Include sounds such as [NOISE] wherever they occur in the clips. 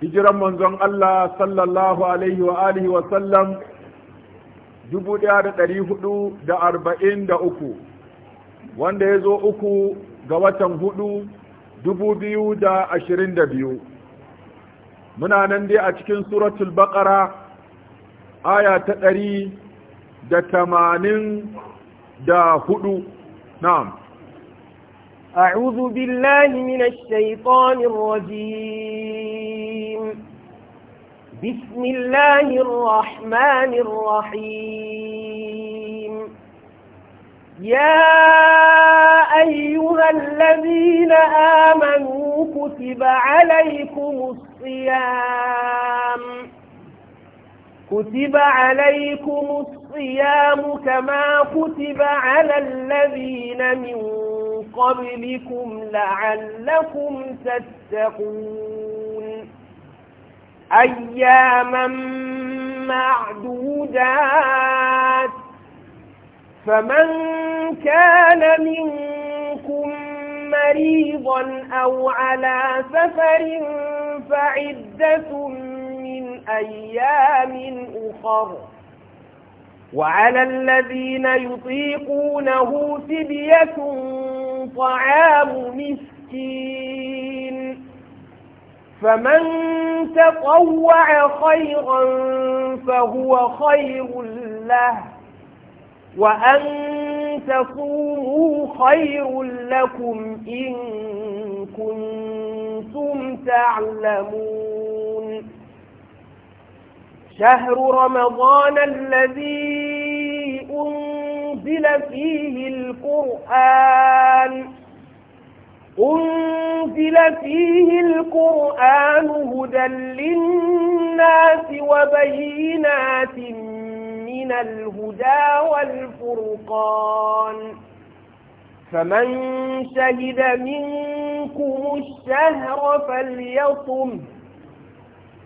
hijiran manzon Allah sallallahu alaihi wa alihi wa sallam 1443 wanda ya zo uku ga watan hudu 2022 muna nan dai a cikin suratul baqara aya ta hudu na'am أعوذ بالله من الشيطان الرجيم بسم الله الرحمن الرحيم يا أيها الذين آمنوا كتب عليكم الصيام كتب عليكم الصيام كما كتب على الذين من قبلكم لعلكم تتقون أياما معدودات فمن كان منكم مريضا أو على سفر فعدة من أيام أخر وعلى الذين يطيقونه فدية طعام مسكين فمن تطوع خيرا فهو خير له وأن تصوموا خير لكم إن كنتم تعلمون شهر رمضان الذي أنزل فيه القرآن أنزل فيه القرآن هدى للناس وبينات من الهدى والفرقان فمن شهد منكم الشهر فليصمه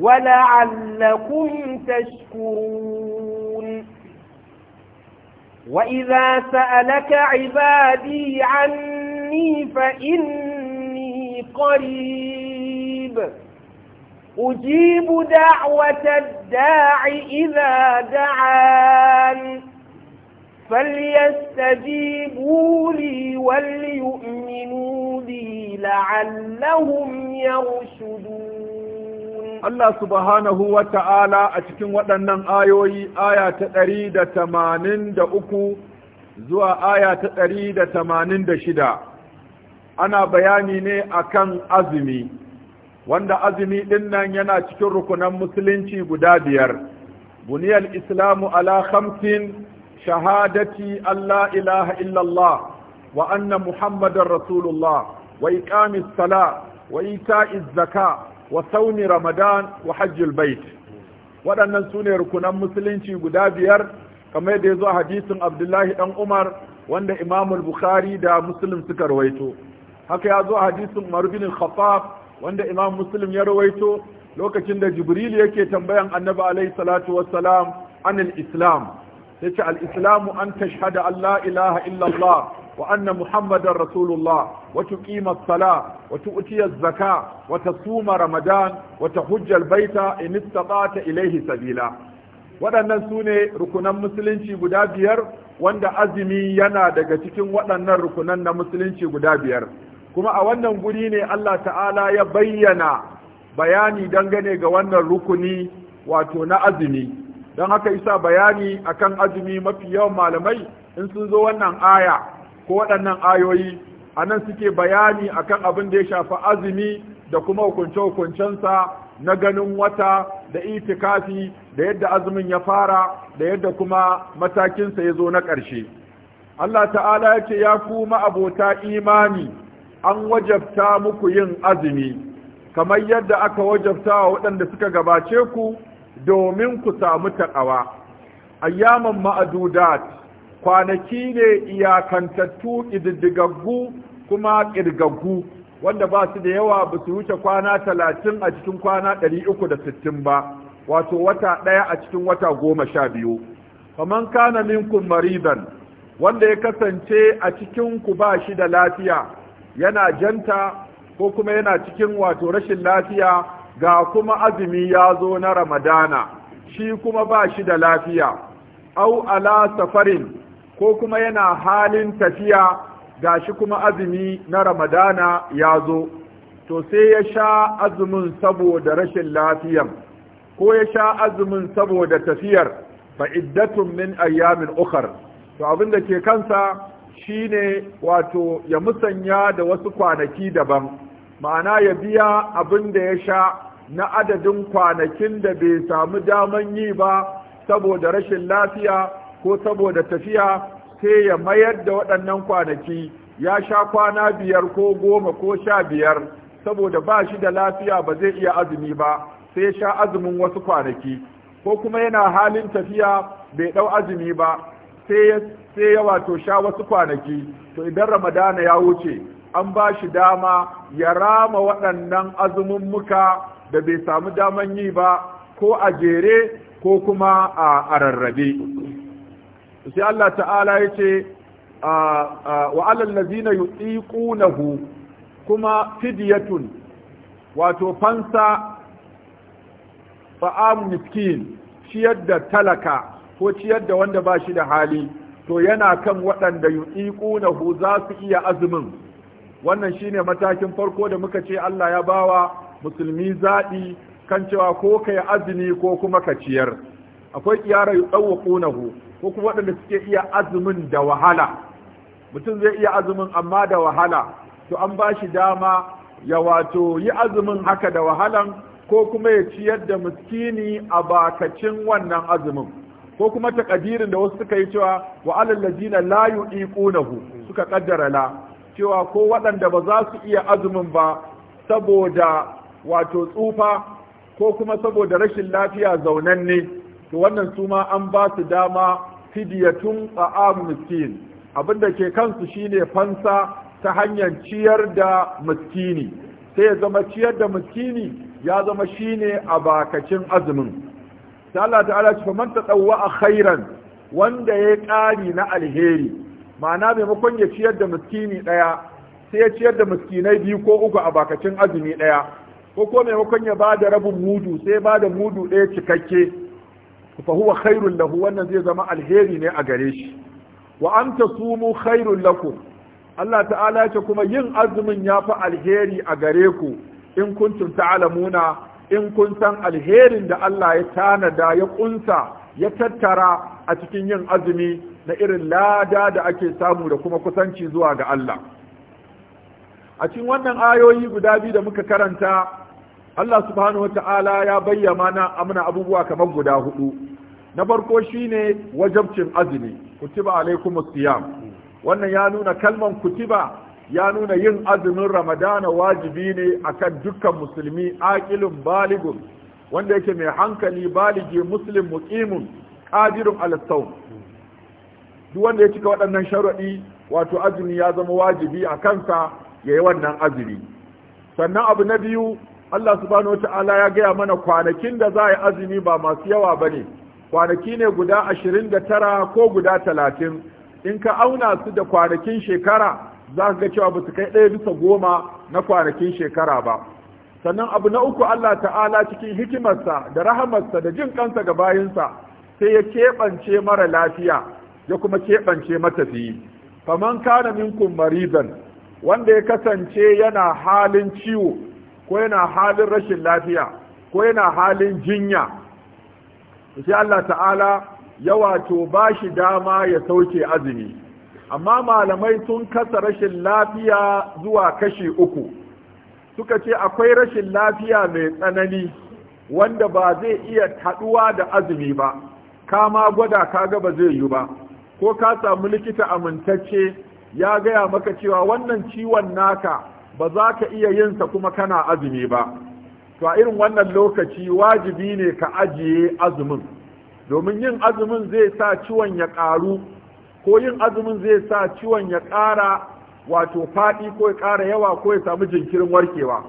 ولعلكم تشكرون وإذا سألك عبادي عني فإني قريب أجيب دعوة الداع إذا دعان فليستجيبوا لي وليؤمنوا بي لعلهم يرشدون Allah subhanahu wa ta'ala a cikin waɗannan ayoyi aya ta ɗari da tamanin da uku zuwa aya ta ɗari da tamanin da shida ana bayani ne akan azumi wanda azumi ɗin nan yana cikin rukunan musulunci guda biyar buniyar islamu ala khamsin shahadati Allah ilaha illallah wa anna muhammadar rasulullah wa sala wa ita'iz zaka wa sauni ramadan wa hajjul bait waɗannan su ne rukunan musulunci guda biyar kamar yadda ya zo a hadisin abdullahi dan umar wanda imamul bukhari da musulun suka rawaito haka ya zo a hadisin umar bin wanda imam musulun ya rawaito lokacin da jibril yake tambayan annabi alaihi salatu wassalam anil islam yace al islamu an tashhada an la ilaha illallah وأن محمد رسول الله وتقيم الصلاة وتؤتي الزكاة وتصوم رمضان وتحج البيت إن استطعت إليه سبيلا waɗannan su ne rukunan musulunci guda biyar wanda azumi yana daga cikin waɗannan rukunan na musulunci guda biyar kuma a wannan guri ne Allah ta'ala ya bayyana bayani dangane ga wannan rukuni wato na azumi don haka isa bayani akan azumi mafi yawan malamai in sun zo wannan aya ko waɗannan ayoyi a nan suke bayani akan abin da ya shafi azumi da kuma hukunce-hukuncensa na ganin wata da itikafi da yadda azumin ya fara da yadda kuma matakinsa ya zo na ƙarshe Allah ta'ala ya ce ya ku abota imani an wajabta muku yin azumi kamar yadda aka wajabta wa waɗanda suka gabace ku domin ku samu taƙawa ayyaman ma'adudat kwanaki ne iyakantattu ididdigaggu kuma ƙirgaggu wanda ba su da yawa ba su wuce kwana talatin a cikin kwana ɗari uku da sittin ba wato wata ɗaya a cikin wata goma sha biyu kamar kana minkun maridan wanda ya kasance a cikin ku ba shi da lafiya yana janta ko kuma yana cikin wato rashin lafiya ga kuma azumi ya zo na ramadana shi kuma ba shi da lafiya au ala safarin ko kuma yana halin tafiya ga shi kuma azumi na ramadana ya zo to sai ya sha azumin saboda rashin lafiyan ko ya sha azumin saboda tafiyar fa iddatun min ayyamin ukhar to abin da ke kansa shine wato ya musanya da wasu kwanaki daban ma'ana ya biya abin da ya sha na adadin kwanakin da bai samu daman yi ba saboda rashin lafiya ko saboda tafiya sai ya mayar da waɗannan kwanaki ya sha kwana biyar ko goma ko sha biyar saboda ba shi da lafiya ba zai iya azumi ba sai sha azumin wasu kwanaki ko kuma yana halin tafiya bai ɗau azumi ba sai ya wato sha wasu kwanaki to idan ramadana ya wuce an ba shi dama ya rama waɗannan azumin muka da bai samu daman yi ba ko a jere ko kuma a rarrabe sai Allah ta'ala ya ce wa alal lazina yuqiqunahu kuma fidyatun wato fansa fa'am miskin ciyar da talaka ko ciyar da wanda ba shi da hali to yana kan waɗanda yuqiqunahu za su iya azumin wannan shine matakin farko da muka ce Allah ya bawa musulmi zaɗi kan cewa ko kai azumi ko kuma ka ciyar akwai kiyara yudawqunahu ko kuma waɗanda suke iya azumin da wahala mutum zai iya azumin amma da wahala to an ba shi dama ya wato yi azumin haka da wahalan ko kuma ya ciyar da muskini a bakacin wannan azumin ko kuma takadirin da wasu suka yi cewa wa alal ladina la yuqunahu suka kaddara la cewa ko waɗanda ba za su iya azumin ba saboda wato tsufa ko kuma saboda rashin lafiya zaunanne to wannan su ma an ba su dama fidiyatun ta'am miskin da ke kansu shine fansa ta hanyar ciyar da miskini sai ya zama ciyar da miskini ya zama shine a bakacin azumin sai Allah ta'ala ce faman a khairan wanda ya kari na alheri ma'ana maimakon ya ciyar da miskini ɗaya sai ya ciyar da miskinai biyu ko uku a bakacin azumi ɗaya ko ko maimakon ya ba da rabin mudu sai ba da mudu ɗaya cikakke fa huwa khairul lahu wannan zai zama alheri ne a gare shi wa an sumu khairul lakum Allah ta'ala ce kuma yin azumin ya fi alheri a gare ku in kun kuntum ta'lamuna in kun san alherin da Allah ya tanada ya kunsa ya tattara a cikin yin azumi na irin lada da ake samu da kuma kusanci zuwa ga Allah a cikin wannan ayoyi guda biyu da muka karanta Allah subhanahu ta'ala ya bayyana mana amna abubuwa kamar guda hudu na farko shine wajabcin azumi kutiba alaikumus siyam wannan ya nuna kalman kutiba ya nuna yin azumin ramadana wajibi ne akan dukkan musulmi aqilun baligun wanda yake mai hankali baligi muslim muqimun qadirun ala sawm duk wanda ya cika waɗannan sharadi wato azumi ya zama wajibi a kansa yayi wannan azumi sannan abu na biyu Allah subhanahu wata'ala ya gaya mana kwanakin da za a yi azumi ba masu yawa ba ne kwanaki ne guda ashirin da tara ko guda talatin in ka auna su da kwanakin shekara za ka ga cewa ba su kai ɗaya bisa goma na kwanakin shekara ba sannan abu na uku Allah ta'ala cikin hikimarsa da rahamarsa da jin kansa ga bayinsa sai ya keɓance mara lafiya ya kuma keɓance matafiyi faman kana minkum maridan wanda ya kasance yana halin ciwo ko yana halin rashin lafiya ko yana halin jinya sai Allah ta'ala ya wato ba shi dama ya sauke azumi amma malamai sun kasa rashin lafiya zuwa kashi uku suka ce akwai rashin lafiya mai tsanani wanda ba zai iya haɗuwa da azumi ba Ka kama gwada ga ba zai yi ba ko ka samu likita amintacce ya gaya maka cewa wannan ciwon naka ba za ka iya yin sa kuma kana azumi ba to a irin wannan lokaci wajibi ne ka ajiye azumin domin yin azumin zai sa ciwon ya ƙaru ko yin azumin zai sa ciwon ya ƙara wato faɗi ko ya ƙara yawa ko ya samu jinkirin warkewa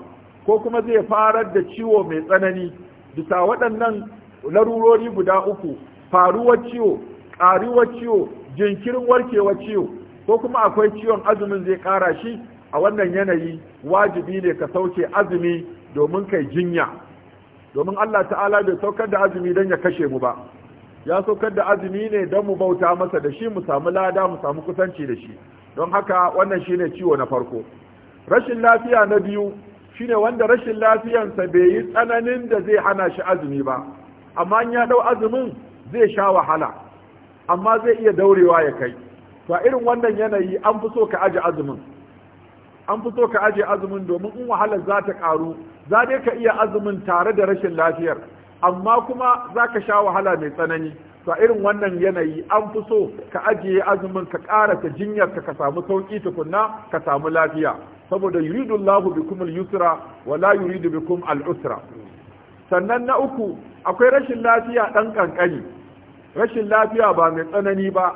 ko kuma zai farar da ciwo mai tsanani bisa waɗannan larurori guda uku faruwar ciwo ƙaruwar ciwo jinkirin warkewar ciwo ko kuma akwai ciwon azumin zai ƙara shi a wannan yanayi wajibi ne ka sauke azumi domin kai jinya domin Allah ta'ala bai saukar da azumi don ya kashe mu ba ya saukar da azumi ne don mu bauta masa da shi mu samu lada mu samu kusanci da shi don haka wannan shine ciwo na farko rashin lafiya na biyu shine wanda rashin lafiyansa bai yi tsananin da zai hana shi azumi ba amma in ya dau azumin zai sha wahala amma zai iya daurewa ya kai to irin wannan yanayi an fi so ka aji azumin an fi so ka aje azumin domin in wahalar za ta karu za dai ka iya azumin tare da rashin lafiyar amma kuma za ka sha wahala mai tsanani to irin wannan yanayi an fi so ka ajiye azumin ka ƙara ta jinyar ka ka samu sauƙi tukunna ka samu lafiya saboda yuridu Allahu bikum al-yusra wa la yuridu bikum al-usra sannan na uku akwai rashin lafiya dan kankani rashin lafiya ba mai tsanani ba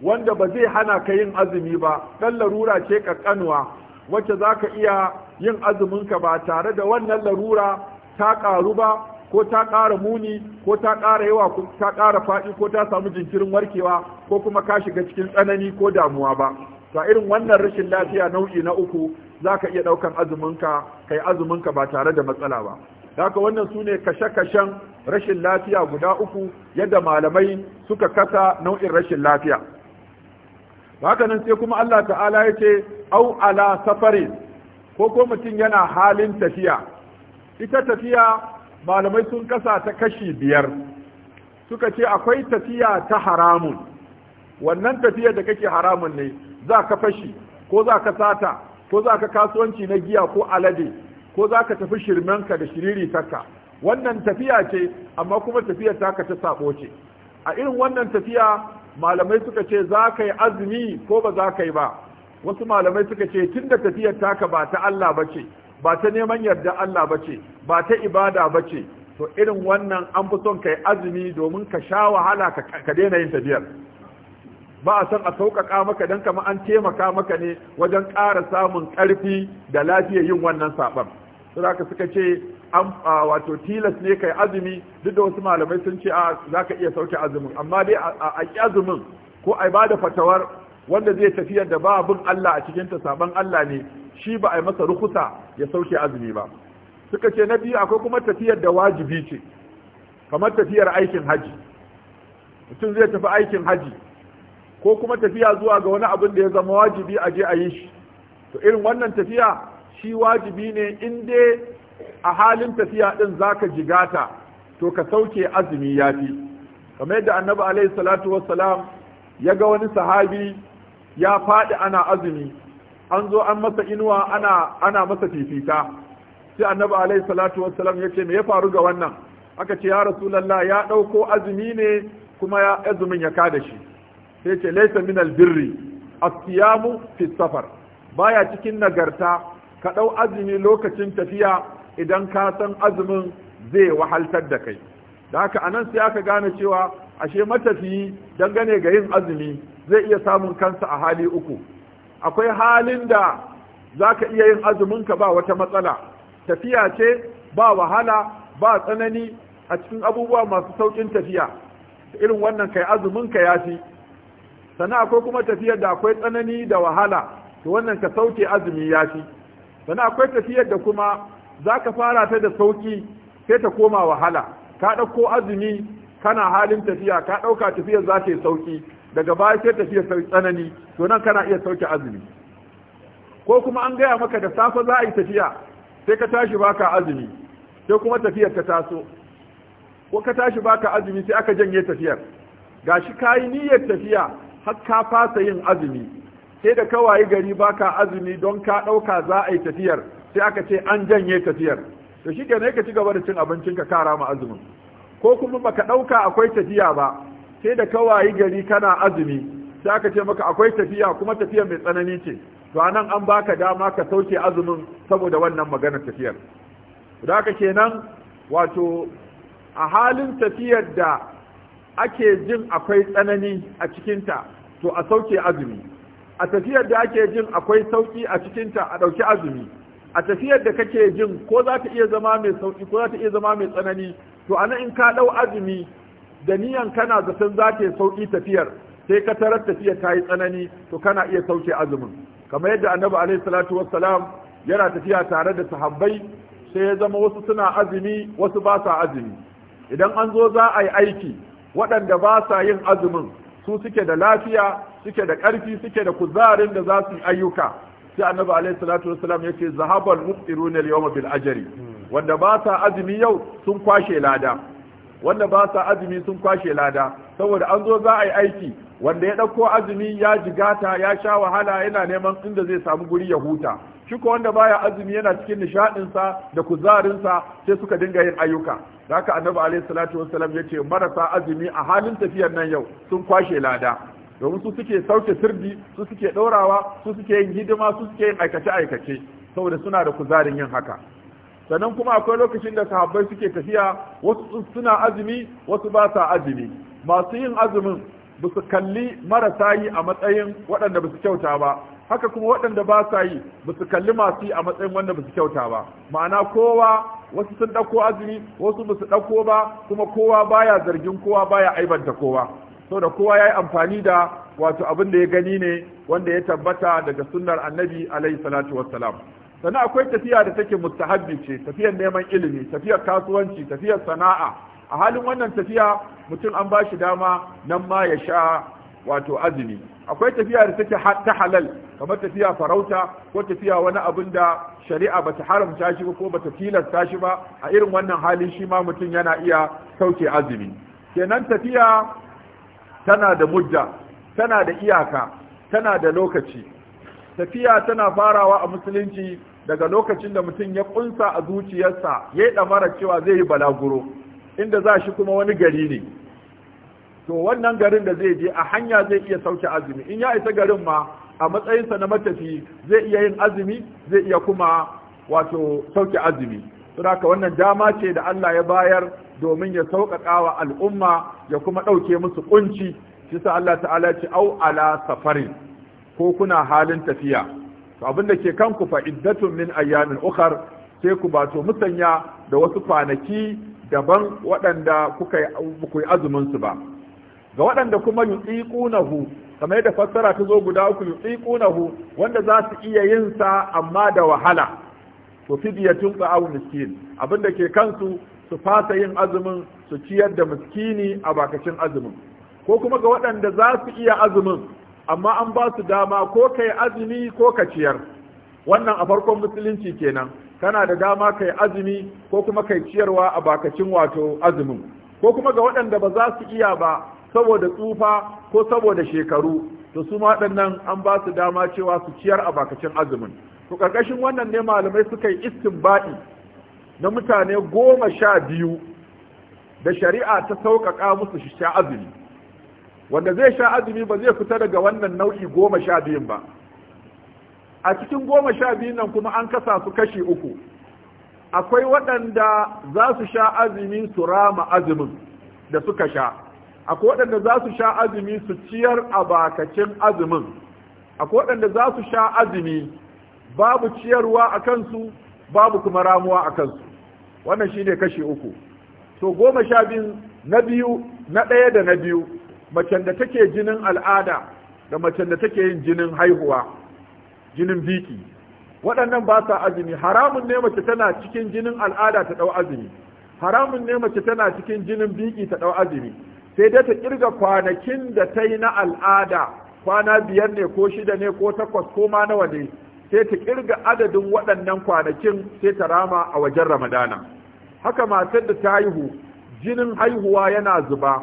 wanda ba zai hana ka yin azumi ba dan larura ce kankanuwa wacce za ka iya yin azuminka ba tare da wannan larura ta ƙaru ba ko ta ƙara muni ko ta ƙara yawa ko ta ƙara faɗi ko ta samu jinkirin warkewa ko kuma ka shiga cikin tsanani ko damuwa ba ta irin wannan rashin lafiya nau'i na uku za ka iya ɗaukan azuminka kai azuminka ba tare da matsala ba haka wannan su ne kashe-kashen rashin lafiya guda uku yadda malamai suka kasa nau'in rashin lafiya haka nan sai kuma Allah ta'ala ya ce au ala safari ko ko mutum yana halin tafiya ita tafiya malamai sun kasa ta kashi biyar suka ce akwai tafiya ta haramun wannan tafiya da kake haramun ne za ka fashi ko za ka sata ko za ka kasuwanci na giya ko alade ko za ka tafi shirmenka da shiriri taka wannan tafiya ce amma kuma tafiyar taka ta sabo ce a irin wannan tafiya malamai suka ce za ka yi azumi ko ba za ka yi ba wasu malamai suka ce tun da tafiyar taka ba ta Allah ba ce ba ta neman yarda Allah ba ce ba ta ibada ba ce to irin wannan an fi son ka yi azumi domin ka sha wahala ka daina yin tafiyar ba a san a sauƙaƙa maka don kama an taimaka maka ne wajen ƙara samun ƙarfi da lafiyar yin wannan saɓon. Sura suka ce wato tilas ne kai azumi duk da wasu malamai sun ce za ka iya sauke azumin amma dai a ki azumin ko a ba da fatawar wanda zai tafiyar da babun Allah a cikin ta saban Allah ne shi ba a yi masa rukusa ya sauke azumi ba suka ce na biyu akwai kuma tafiyar da wajibi ce kamar tafiyar aikin haji mutum zai tafi aikin haji ko kuma tafiya zuwa ga wani abin da ya zama wajibi a je a yi shi to irin wannan tafiya shi wajibi ne in dai a halin tafiya din zaka jigata to ka sauke azumi yafi kamar yadda annabi alayhi salatu wassalam ya ga wani sahabi ya faɗi ana azumi an zo an masa inuwa ana ana masa fifita sai annabi alayhi salatu wassalam ya ce me ya faru ga wannan aka ce ya rasulullah ya ɗauko azumi ne kuma ya azumin ya kada shi sai ce laysa min albirri asiyamu fi safar baya cikin nagarta ka ɗau azumi lokacin tafiya idan ka san azumin zai wahaltar da kai da haka anan sai aka gane cewa ashe matafiyi dangane ga yin azumi zai iya samun kansa a hali uku akwai halin da za ka iya yin azumin ka ba wata matsala tafiya ce ba wahala ba tsanani a cikin abubuwa masu saukin tafiya irin wannan kai azumin ka fi. sannan akwai kuma tafiyar da akwai tsanani da wahala to wannan ka sauke azumi ya fi. sannan akwai tafiyar da kuma za ka fara ta da sauki sai ta koma wahala ka ɗauko azumi kana halin tafiya ka ɗauka tafiyar za ta yi sauƙi daga baya sai tafiyar sai tsanani to nan kana iya sauke azumi ko kuma an gaya maka da safe za a yi tafiya sai ka tashi baka azumi sai kuma tafiyar ta taso ko ka tashi baka azumi sai aka janye tafiyar gashi kayi niyyar tafiya har ka fasa yin azumi sai da kawai gari baka azumi don ka ɗauka za a yi tafiyar sai aka ce an janye tafiyar to shi ne ka ci gaba da cin abincin ka kara ma azumin ko kuma baka ɗauka akwai tafiya ba sai da kawai gari kana azumi sai aka ce maka akwai tafiya kuma tafiya mai tsanani ce to anan an baka dama ka sauke azumin saboda wannan magana tafiyar da haka kenan wato a halin tafiyar da ake jin akwai tsanani a cikinta to a sauke azumi a tafiyar da ake jin akwai sauki a cikinta a ɗauki azumi a tafiyar da kake jin ko za ta iya zama mai sauki ko za ta iya zama mai tsanani to ana in ka dau azumi da niyan kana zaton za ta sauki tafiyar sai ka tarar tafiyar ta yi tsanani to kana iya sauke azumin kamar yadda annabi alaihi salatu wassalam yana tafiya tare da sahabbai sai ya zama wasu suna azumi wasu ba sa azumi idan an zo za a yi aiki waɗanda ba sa yin azumin su suke da lafiya suke da ƙarfi suke da kuzarin da za su yi ayyuka sai annabi alayhi salatu wassalam yace zahabal muftiruna al-yawma bil ajri wanda ba sa azumi yau sun kwashe lada wanda ba sa azumi sun kwashe lada saboda an zo za a yi aiki wanda ya ɗauko azumi ya jigata ya sha wahala yana neman inda zai samu guri ya huta shi ko wanda baya azumi yana cikin sa da kuzarinsa sai suka dinga yin ayyuka haka annabi alayhi salatu wassalam ya marasa azumi a halin tafiyar nan yau sun kwashe lada domin su suke sauke sirdi su suke ɗaurawa su suke yin hidima su suke yin aikace-aikace saboda suna da kuzarin yin haka sannan kuma akwai lokacin da sahabbai suke tafiya wasu suna azumi wasu ba sa azumi masu yin azumin ba su kalli marasa yi a matsayin waɗanda ba su kyauta ba haka kuma waɗanda ba sa yi ba su kalli masu yi a matsayin wanda ba su kyauta ba ma'ana kowa wasu sun ɗauko azumi wasu ba su ɗauko ba kuma kowa baya zargin kowa baya aibanta kowa da kowa ya yi amfani da wato abin da ya gani ne wanda ya tabbata daga sunnar annabi alaihi salatu wassalam sannan akwai tafiya da take mustahabbi ce tafiyar neman ilimi tafiyar kasuwanci tafiyar sana'a a halin wannan tafiya mutum an bashi dama nan ma ya sha wato azumi akwai tafiya da take ta halal kamar tafiya farauta ko tafiya wani abin da shari'a ba ta haramta shi ba ko ba ta tilasta shi ba a irin wannan halin shi ma mutum yana iya sauke azumi kenan tafiya tana da mudda tana da iyaka tana da lokaci tafiya tana farawa a musulunci daga lokacin da mutum ya kunsa a zuciyarsa ya yi mara cewa zai yi balaguro inda za shi kuma wani gari ne to wannan garin da zai je a hanya zai iya sauke azumi in ya isa garin ma a matsayinsa na matafi zai iya yin azumi zai iya kuma wato sauke azumi saboda wannan dama ce da Allah ya bayar domin ya sauƙaƙa wa al'umma ya kuma ɗauke musu kunci shi sa Allah ta'ala ce au ala safari ko kuna halin tafiya to abin da ke kanku fa iddatun min ayyamin ukhar sai ku bato musanya da wasu kwanaki daban waɗanda kuka yi azumin su ba ga waɗanda kuma yutsiqunahu kamar da fassara ta zo guda uku yutsiqunahu wanda za su iya yin sa amma da wahala to fidiyatun ba'u miskin abinda ke kansu su fasa yin azumin su ciyar da miskini a bakacin azumin ko kuma ga waɗanda za su iya azumin amma an ba su dama ko kai azumi ko ka ciyar wannan a farkon musulunci kenan kana da dama kai azumi ko kuma kai ciyarwa a bakacin wato azumin ko kuma ga waɗanda ba za su iya ba saboda tsufa ko saboda shekaru to su ma waɗannan an ba su dama cewa su ciyar a bakacin azumin to ƙarƙashin wannan ne malamai suka yi istinbaɗi na mutane goma sha biyu da shari'a ta sauƙaƙa musu shi sha azumi wanda zai sha azumi ba zai fita daga wannan nau'i goma sha biyun ba a cikin goma sha biyun nan kuma an kasa su kashi uku akwai waɗanda za su sha azumi su rama azumin da suka sha akwai waɗanda za su sha azumi su ciyar a bakacin azumin akwai waɗanda za su sha azumi babu ciyarwa a kansu babu kuma ramuwa a kansu wannan shi ne kashi uku to goma sha biyu na biyu na ɗaya da na biyu macen da take jinin al'ada da macen da take yin jinin haihuwa jinin biki waɗannan ba sa azumi haramun ne mace tana cikin jinin al'ada ta ɗau azumi haramun ne mace tana cikin jinin biki ta ɗau azumi sai dai ta kirga kwanakin da ta yi na al'ada kwana biyar ne ko shida ne ko takwas ko ma nawa ne sai ta kirga adadin waɗannan kwanakin sai ta rama a wajen ramadana haka matar da ta haihu jinin haihuwa yana zuba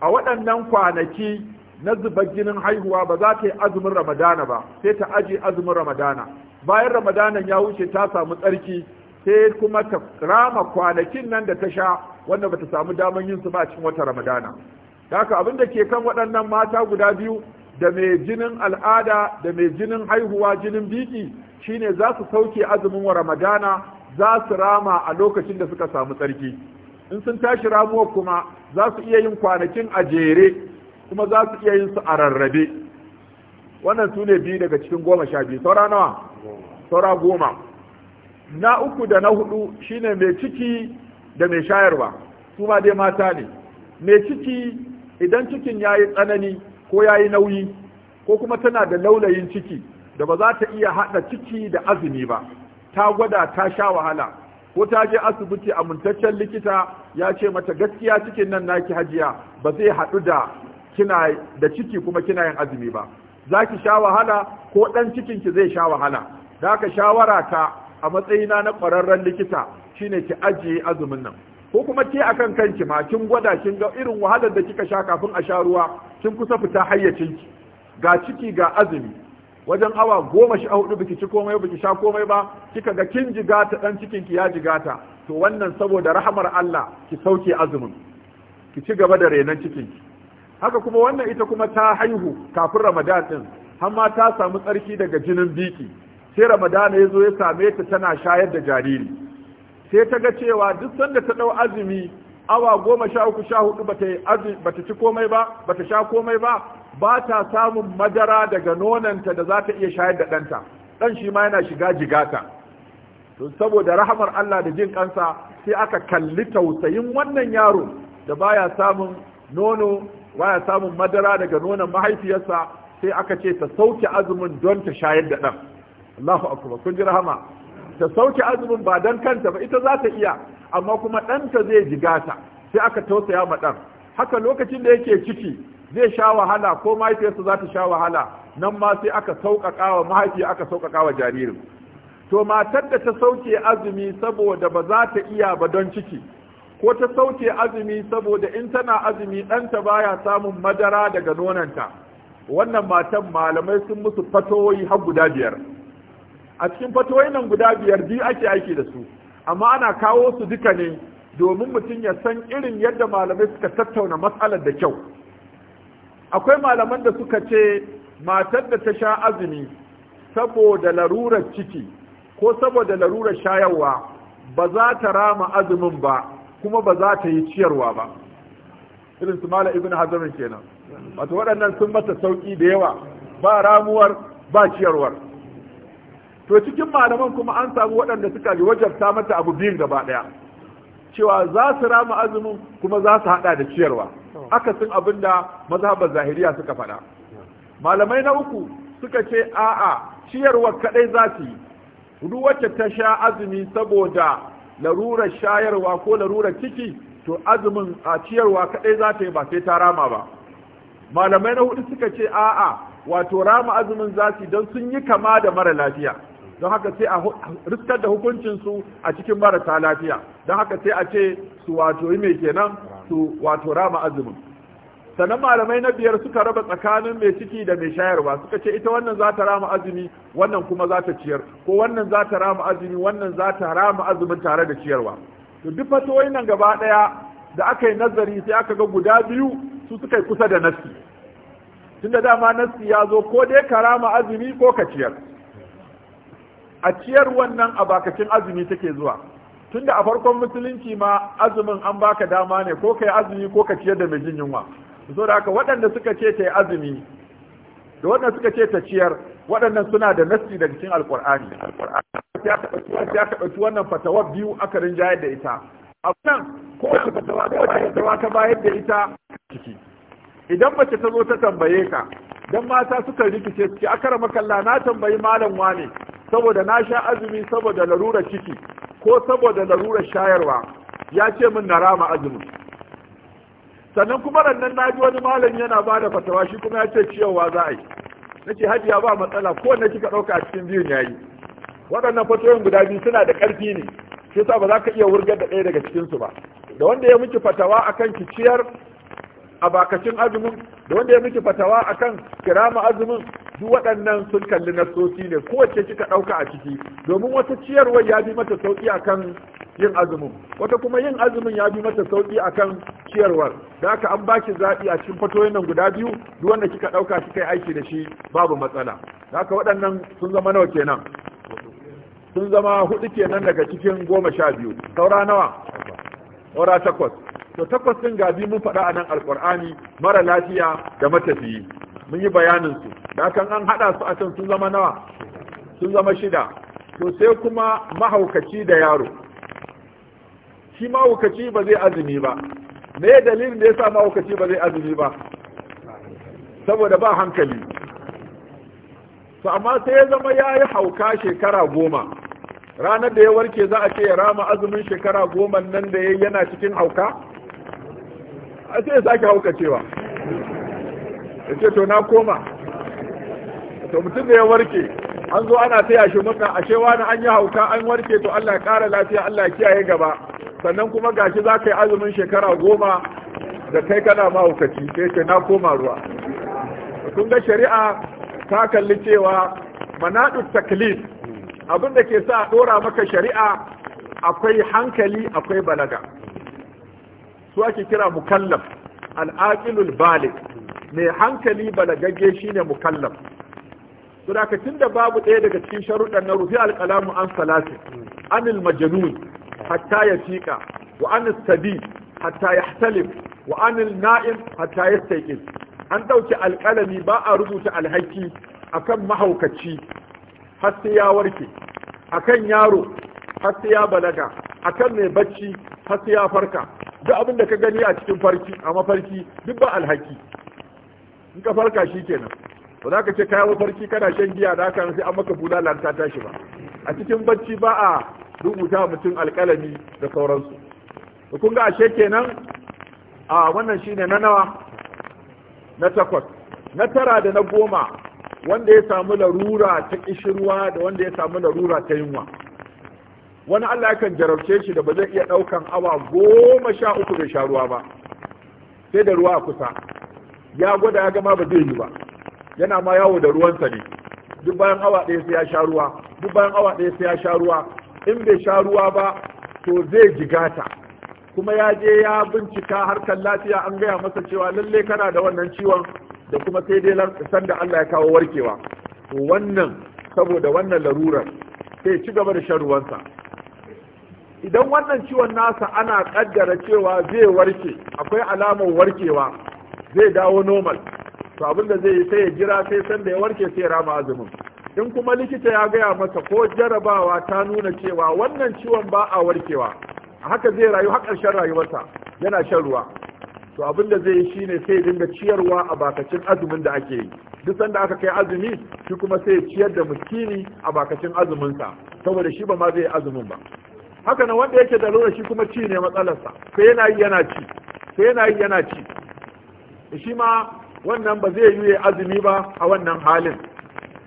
a waɗannan kwanaki na zuba jinin haihuwa ba za ta yi azumin ramadana ba sai ta aje azumin ramadana bayan Ramadana ya wuce ta samu tsarki sai kuma ta rama kwanakin nan da ta sha wanda bata samu daman yin su ba cikin wata ramadana haka abin da ke kan waɗannan mata guda biyu da mai jinin al'ada da mai jinin haihuwa jinin biki shine za su sauke azumin wa ramadana za su rama a lokacin da suka samu tsarki in sun tashi ramuwa kuma za su iya yin kwanakin a jere kuma za su iya yin su a rarrabe wannan su ne biyu daga cikin goma sha biyu saura nawa saura goma na uku da na hudu shine mai ciki da mai shayarwa su ma dai mata ne mai ciki idan cikin ya yi tsanani ko ya yi nauyi ko kuma tana da laulayin ciki da ba za ta iya haɗa ciki da azumi ba ta gwada ta sha wahala ko ta je asibiti amintaccen likita ya ce mata gaskiya cikin nan naki hajiya ba zai haɗu da kina da ciki kuma kina yin azumi ba za ki sha wahala ko ɗan cikin ki zai sha wahala da ka shawara ta a matsayina na ƙwararren likita shine ki ajiye azumin nan ko kuma ke akan kanki ma kin gwada kin ga irin wahalar da kika sha kafin a sha ruwa kin kusa fita hayyacinki ga ciki ga azumi wajen awa goma sha hudu biki ci komai biki sha komai ba kika ga kin jiga ta dan cikin ki ya jiga ta to wannan saboda rahamar Allah ki sauke azumin ki ci gaba da renan cikin ki haka kuma wannan ita kuma ta haihu kafin Ramadan din har ma ta samu tsarki daga jinin biki sai Ramadan ya zo ya same ta tana shayar da jariri sai ta ga cewa duk sanda ta ɗau azumi awa goma sha uku sha hudu bata ci komai ba bata sha komai ba ba ta samun madara daga nonanta da za ta iya shayar da ɗanta ɗan shi ma yana shiga jigata to saboda rahamar Allah da jin kansa sai aka kalli tausayin wannan yaro da baya samun nono baya samun madara daga nonon mahaifiyarsa sai aka ce ta sauke azumin don ta shayar da ɗan Allahu akbar kun ji rahama ta sauke azumin ba dan kanta ba ita za ta iya amma kuma ɗanta zai jiga ta sai aka tausaya ma ɗan haka lokacin da yake ciki zai sha wahala ko mahaifiyarsa za ta sha wahala nan ma sai aka sauƙaƙa wa mahaifiya aka sauƙaƙa wa jaririn to matar da ta sauke azumi saboda ba za ta iya ba don ciki ko ta sauke azumi saboda in tana azumi ɗanta baya samun madara daga nonanta wannan matan malamai sun musu fatoyi har guda biyar a cikin fatoyin nan guda biyar biyu ake aiki da su amma ana kawo su duka ne domin mutum ya san irin yadda malamai suka tattauna matsalar da kyau akwai malaman da suka ce matar da ta sha azumi saboda larurar ciki ko saboda larurar shayarwa ba za ta rama azumin ba kuma ba za ta yi ciyarwa ba irin su mala ibn hazarin kenan wato waɗannan sun mata sauƙi da yawa ba ramuwar ba ciyarwar to cikin malaman kuma an samu waɗanda suka yi wajabta mata abu biyun gaba ɗaya cewa za su rama azumin kuma za su haɗa da ciyarwa aka sun abin da mazhabar zahiriya suka faɗa malamai na uku suka ce a'a ciyarwa kaɗai za su yi wacce ta sha azumi saboda larurar shayarwa ko larurar ciki to azumin a ciyarwa kaɗai za ta yi ba sai ta rama ba malamai na hudu suka ce a'a wato rama azumin za su yi don sun yi kama da mara lafiya don haka sai a riskar da hukuncinsu a cikin marasa lafiya don haka sai a ce su wato yi mai kenan su wato rama azumin sannan malamai na biyar suka raba tsakanin mai ciki da mai shayarwa suka ce ita wannan za ta rama azumi wannan kuma za ta ciyar ko wannan za ta rama azumi wannan za ta rama azumin tare da ciyarwa to duk fatoyi nan gaba ɗaya da aka yi nazari sai aka ga guda biyu su suka yi kusa da nassi tunda dama nassi ya zo ko dai ka rama azumi ko ka ciyar a ciyar wannan a bakacin azumi take zuwa tunda a farkon musulunci ma azumin an baka dama ne ko kai azumi ko ka ciyar da mai jin yunwa so da haka waɗanda suka ce ta azumi da waɗanda suka ce ta ciyar waɗannan suna da nasti daga cikin alƙur'ani ya taɓa wannan fatawa biyu aka rinjayar da ita a nan ko fatawa ta bayar da ita ciki idan mace ta zo ta tambaye ka don mata suka rikice ciki kara makalla na tambayi malam wane saboda na sha azumi saboda larurar ciki ko saboda larurar shayarwa ya ce min na rama azumin sannan kuma rannan na ji wani malam yana ba da fatawa shi kuma ya ce ciyarwa za a yi na ce hajiya ba matsala ko na kika ɗauka a cikin biyun ya yi waɗannan fatoyin guda biyu suna da ƙarfi ne shi sa ba za ka iya wurgar da ɗaya daga cikinsu ba da wanda ya miki fatawa akan ki ciyar a bakacin azumin da wanda ya miki fatawa akan kirama azumin duk waɗannan sun kalli na nassosi ne kowace kika ɗauka a ciki domin wata ciyarwar ya bi mata sauƙi akan yin azumin wata kuma yin azumin ya bi mata sauƙi akan ciyarwar da aka an baki zaɓi a cikin fatoyin nan guda biyu duk wanda kika ɗauka kika yi aiki da shi babu matsala da aka waɗannan sun zama nawa kenan sun zama hudu kenan daga cikin goma sha biyu saura nawa saura takwas to takwas din gabi mun faɗa a nan alkur'ani mara lafiya da matafiyi mun yi bayanin su da kan an haɗa su a can sun zama nawa sun zama shida to sai kuma mahaukaci da yaro shi mahaukaci ba zai azumi ba me dalilin da yasa mahaukaci ba zai azumi ba saboda ba hankali to amma sai ya zama ya yi hauka shekara goma ranar da ya warke za a ce ya rama azumin shekara goma nan da ya yana cikin hauka a sai ya sake cewa ya ce to na koma to mutum da ya warke an zo ana taya muka a shewa na an yi hauka an warke to Allah ya kara lafiya Allah ya kiyaye gaba sannan kuma gashi za ka yi azumin shekara goma da kai kana mahaukaci sai ce na koma ruwa kun ga shari'a ta kalli cewa manaɗu taklif abinda ke sa a ɗora maka shari'a akwai hankali akwai balaga su ake kira mukallaf al'aqilul balik mai hankali balagagge shine mukallaf to da da babu ɗaya daga cikin sharuɗan na rufi alƙalamu an salati anil majnun hatta ya fiƙa wa anil sabi hatta ya salif, wa anil na'im hatta ya an ɗauki alƙalami ba a rubuta alhaki akan mahaukaci har sai ya warke akan yaro har ya balaga akan mai bacci har sai ya farka duk abin da ka gani a cikin farki a mafarki duk ba alhaki in ka farka shi kenan ba za ka ce kayan mafarki kana shan giya da haka sai an maka bulala ta tashi ba a cikin bacci ba a rubuta mutum alkalami da sauransu kun ga ashe kenan a wannan shine na nawa na takwas na tara da na goma wanda ya samu larura ta kishirwa da wanda ya samu larura ta yunwa wani Allah yakan jarabce shi da ba zai iya ɗaukan awa goma sha uku da sha ruwa ba sai da ruwa a kusa ya gwada ya gama ba zai yi ba yana ma yawo da ruwansa ne duk bayan awa ɗaya sai ya sha ruwa duk bayan awa ɗaya sai ya sha ruwa in bai sha ruwa ba to zai jigata kuma ya je ya bincika harkar lafiya an gaya masa cewa lalle kana da wannan ciwon da kuma sai dai da Allah ya kawo warkewa wannan saboda wannan larurar sai ci gaba da shan ruwansa idan wannan ciwon nasa ana kaddara cewa zai warke akwai alamar warkewa zai dawo normal to abin da zai yi sai ya jira sai san da ya warke sai rama azumin in kuma likita ya gaya masa ko jarabawa ta nuna cewa wannan ciwon ba a warkewa haka zai rayu har ƙarshen rayuwarsa yana shan ruwa to abin da zai yi shine sai ya dinga ciyarwa a bakacin azumin da ake yi duk sanda aka kai azumi shi kuma sai ya ciyar da miskini a bakacin azuminsa saboda shi ba ma zai azumin ba haka nan wanda yake da lura shi kuma ci ne matsalarsa sai yana yi yana ci sai yana yi yana ci shi ma wannan ba zai yi azumi ba a wannan halin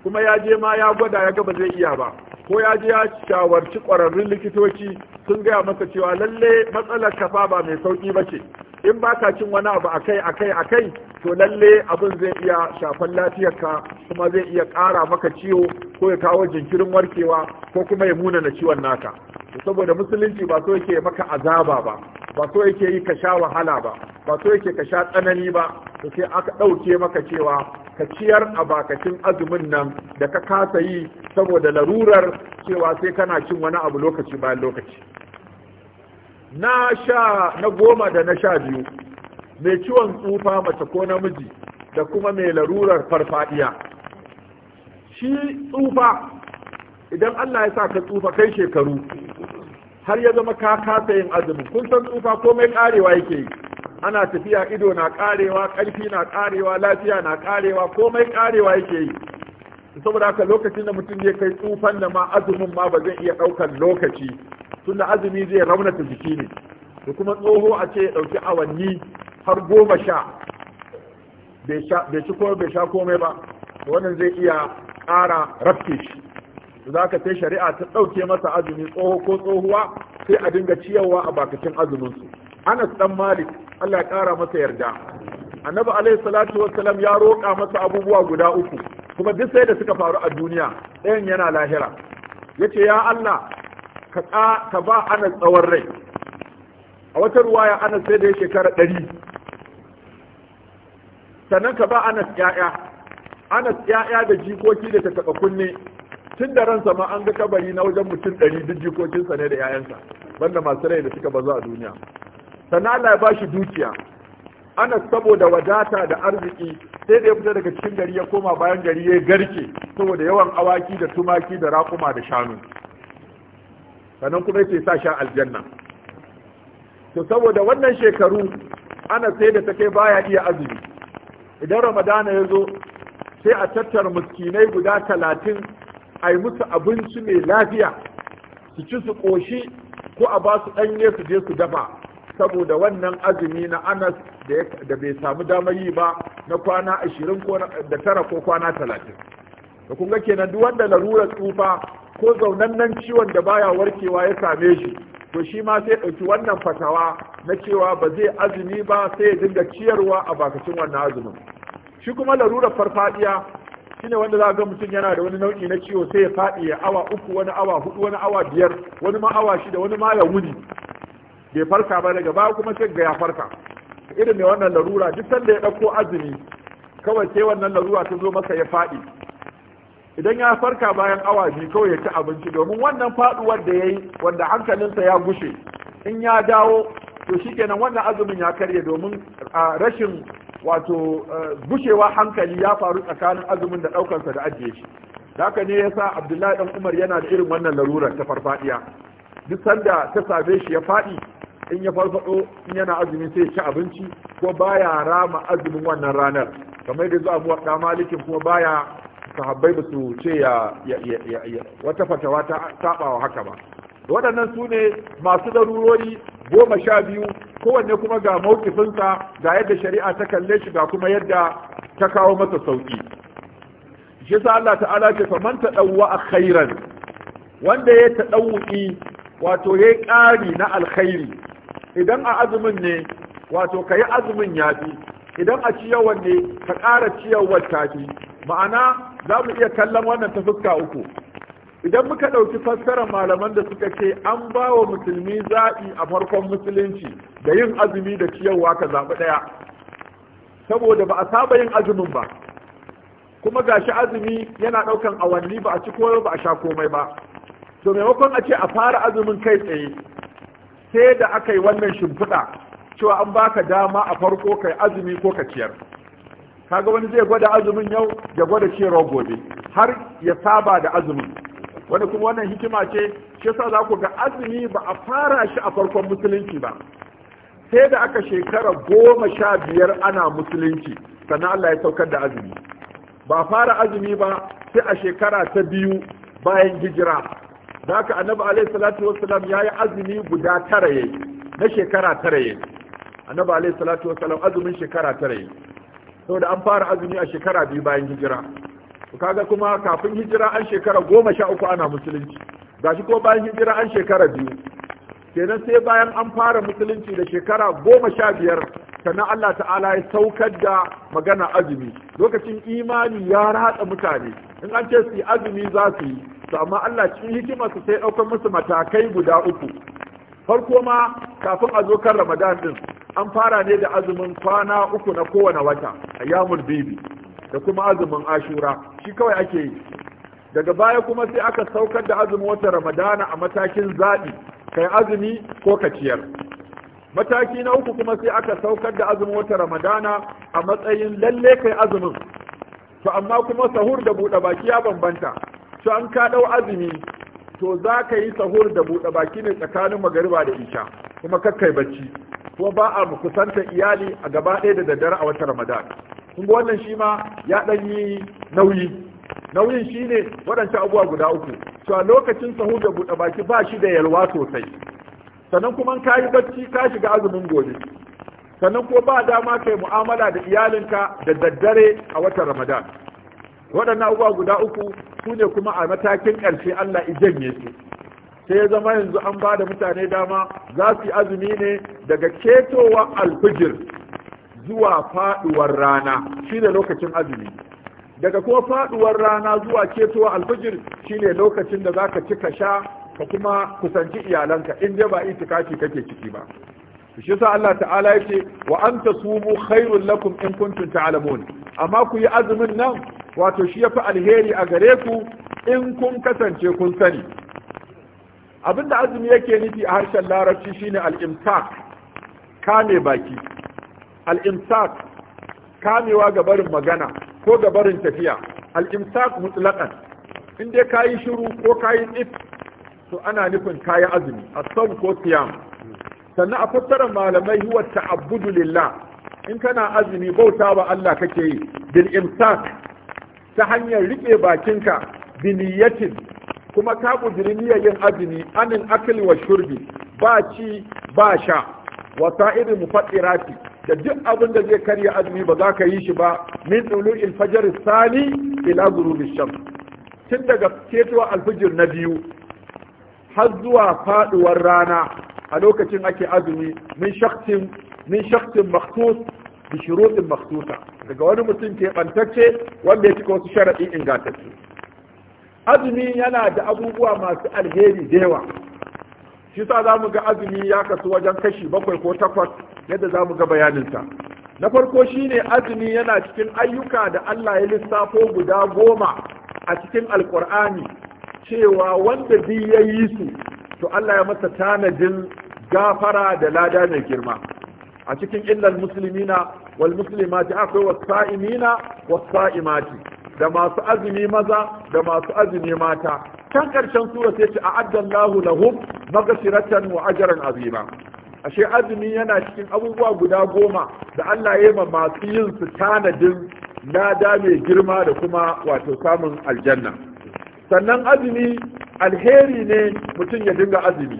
kuma ya je ma ya gwada ya ga ba zai iya ba ko ya je ya shawarci ƙwararrun likitoci sun gaya masa cewa lalle matsalar kafa ba mai sauki ba ce in ba ka cin wani abu akai akai akai to lalle abin zai iya shafan lafiyarka kuma zai iya ƙara maka ciwo ko ya kawo jinkirin warkewa ko kuma ya munana ciwon naka saboda musulunci ba so yake maka azaba ba ba so yake yi ka sha wahala ba ba so yake ka sha tsanani ba to sai aka ɗauke maka cewa ka ciyar a bakacin azumin nan da ka kasa yi saboda larurar cewa sai kana cin wani abu lokaci bayan lokaci na sha na goma da na sha biyu mai ciwon tsufa mace ko namiji da kuma mai larurar farfadiya shi tsufa idan Allah ya sa ka tsufa kai shekaru har ya zama ka kasa yin azumi kun san tsufa komai karewa yake yi ana tafiya ido na karewa ƙarfi na karewa lafiya na karewa komai karewa yake yi saboda haka lokacin da mutum ya kai tsufan da ma azumin ma ba zai iya ɗaukar lokaci tunda azumi zai raunata jiki ne da kuma tsoho a ce ya ɗauki awanni har goma sha bai ci ko bai sha komai ba wannan zai iya ƙara rafke shi za ka sai shari'a ta ɗauke masa azumi tsoho ko tsohuwa sai a dinga ciyawa a bakacin azuminsu anas ɗan malik allah ya ƙara masa yarda annabi alaihi salatu wassalam ya roƙa masa abubuwa guda uku kuma duk sai da suka faru a duniya ɗayan yana lahira ya ce ya allah ka ba anas tsawon rai a wata ruwaya anas sai da ya shekara ɗari sannan ka ba anas 'ya'ya anas 'ya'ya da jikoki da ta taɓa kunne tun da ransa ma an ga kabari na wajen mutum ɗari duk jikokinsa ne da 'ya'yansa banda masu rai da suka bazu a duniya sannan Allah ya bashi dukiya ana saboda wadata da arziki sai da ya fita daga cikin gari ya koma bayan gari ya garke saboda yawan awaki da tumaki da raƙuma da shanu sannan kuma yake sa sha aljanna to saboda wannan shekaru ana sai da ta kai baya iya azumi idan ramadana ya zo sai a tattara muskinai guda talatin a yi musu abinci mai lafiya su ci su ƙoshi ko a ba su ɗanye su je su dafa saboda wannan azumi na anas da bai samu damar yi ba na kwana ashirin da tara ko kwana talatin da kun kenan duk wanda larurar tsufa ko zaunannen ciwon da baya warkewa ya same shi to shi ma sai ɗauki wannan fatawa na cewa ba zai azumi ba sai ya dinga ciyarwa a bakacin wannan azumin shi kuma larurar farfadiya shine wanda za ga mutum yana da wani nau'i na ciwo sai ya faɗi ya awa uku wani awa hudu wani awa biyar wani ma awa shida wani ma ya wuni bai farka ba daga baya kuma sai ga ya farka irin ne wannan larura duk sanda ya ɗauko azumi kawai sai wannan larura ta zo masa ya faɗi idan ya farka bayan awa biyu kawai ya ci abinci domin wannan faɗuwar da ya yi wanda hankalinsa ya gushe in ya dawo to shi kenan wannan azumin ya karye domin rashin wato eh, bushewa hankali ya faru tsakanin azumin da ɗaukarsa da ajiye shi haka ne yasa abdullahi dan umar yana da irin wannan larurar ta farfadiya duk sanda ta same shi ya faɗi in ya farfado in yana azumin sai ya ci abinci ko baya rama azumin wannan ranar kamar da zuwa da malikin kuma baya sahabbai ba su ce ya wata fatawa ta tabawa haka ba waɗannan su ne masu darurori goma sha biyu kowanne kuma ga mawkifinsa ga yadda shari'a ta kalle shi ga kuma yadda ta kawo masa sauki shi sa Allah ta'ala ce fa man tadawwa khairan wanda ya tadawwi wato ya ƙari na alkhairi idan a azumin ne wato ka yi azumin yafi idan a ciyawar ne ka ƙara ciyawar tafi ma'ana za mu iya kallon wannan ta fuska uku idan muka ɗauki fassarar malaman da suka ce an ba wa musulmi zaɓi a farkon musulunci da yin azumi da ciyarwa ka zaɓi ɗaya saboda ba a saba yin azumin ba kuma gashi azumi yana ɗaukan awanni ba a ci komai ba a sha komai ba to maimakon a ce a fara azumin kai tsaye sai da aka yi wannan shimfiɗa cewa an baka dama a farko kai azumi ko ka ciyar kaga wani zai gwada azumin yau ya gwada ciyarwa gobe har ya saba da azumin wanda kuma wannan hikima ce shi yasa za ku ga azumi ba a fara shi a farkon musulunci ba sai da aka shekara goma sha biyar ana musulunci sannan Allah ya saukar da azumi ba fara azumi ba sai a shekara ta biyu bayan hijira da aka annabi alaihi salatu ya yi azumi guda tara yayi na shekara tara yayi annabi alaihi salatu wasalam azumin shekara tara yayi saboda an fara azumi a shekara biyu bayan hijira kaga kuma kafin hijira an shekara goma sha uku ana musulunci ga shi ko bayan hijira an shekara biyu kenan sai bayan an fara musulunci da shekara goma sha biyar sannan Allah ta'ala ya saukar da magana azumi lokacin imani ya ratsa mutane in an ce su azumi za su yi to amma Allah cikin hikima su sai ɗaukar musu matakai guda uku farko ma kafin a zo kan ramadan din an fara ne da azumin kwana uku na kowane wata ayyamul bibi da kuma azumin ashura shi kawai ake yi daga baya kuma sai aka saukar da azumin wata ramadana a matakin zaɓi kai azumi ko kaciyar. mataki na uku kuma sai aka saukar da azumin wata ramadana a matsayin lalle kai azumin to amma kuma sahur da buɗe baki ya bambanta to an ka ɗau azumi to za ka yi sahur da buɗe baki ne tsakanin magariba da isha kuma kakkai bacci kuma ba a kusanta iyali a gaba ɗaya da daddare a wata ramadan kun ga wannan shi ma ya dan yi nauyi nauyin shi ne waɗancan abubuwa guda uku a lokacin sahu da buɗe baki ba shi da yalwa sosai sannan kuma ka yi bacci ka shiga azumin gobe sannan ko ba dama kai mu'amala da iyalinka da daddare a watan ramadan waɗannan abubuwa guda uku su ne kuma a matakin ƙarshe allah ijanye su sai ya zama yanzu an ba da mutane dama za su yi azumi ne daga ketowa alfijir zuwa faduwar rana shi shine lokacin azumi daga kuma faduwar rana zuwa ketowa alfajir ne lokacin da za ka ci ka sha ka kuma kusanci iyalanka in dai ba itikafi kake ciki ba shi sa Allah ta'ala ya ce wa anta sumu khairul lakum in kuntum ta'lamun amma ku yi azumin nan wato shi yafi alheri a gare ku in kun kasance kun sani abinda azumi yake nufi a harshen larabci shine al-imsak kame baki al-imsak kamewa ga barin magana ko ga barin tafiya al-imsak mutlaqan inda dai kayi shiru ko kayi if, to ana nufin kayi azumi a sawm ko siyam sannan a fassarar malamai huwa budu lillah in kana azumi bauta wa Allah kake yi bil imsak ta hanyar rike bakinka biniyatin kuma ka kudiri niyyar yin azumi anin akli wa shurbi ba ci ba sha wasa sa'irin mufaɗirati da duk abin da zai karya azumi ba za ka yi shi ba min tulu'il fajr sani ila ghurubish shams tun daga fitowar alfijir na biyu har zuwa faduwar rana a lokacin ake azumi min shaktin min shaktin makhsus bi shurutin makhsusa daga wani mutum ke bantacce wanda ya cika wasu sharadi ingantacce azumi yana da abubuwa masu alheri da yawa shi sa za mu ga azumi ya kasu wajen kashi bakwai ko takwas yadda za mu ga bayaninsa na farko shine azumi yana cikin ayyuka da Allah ya lissafo guda goma a cikin alkur'ani cewa wanda biyu ya yi su to Allah ya masa tanadin gafara da lada mai girma a cikin illal muslimina wal muslimati akwai wasa'imina wasa'imati da masu azumi maza da masu azumi mata can karshen sura sai ce a'addallahu lahum maghfiratan wa ajran azima ashe azumi yana cikin abubuwa guda goma da Allah ya ma masu yin su tanadin lada mai girma da kuma wato samun aljanna sannan azumi alheri ne mutum ya dinga azumi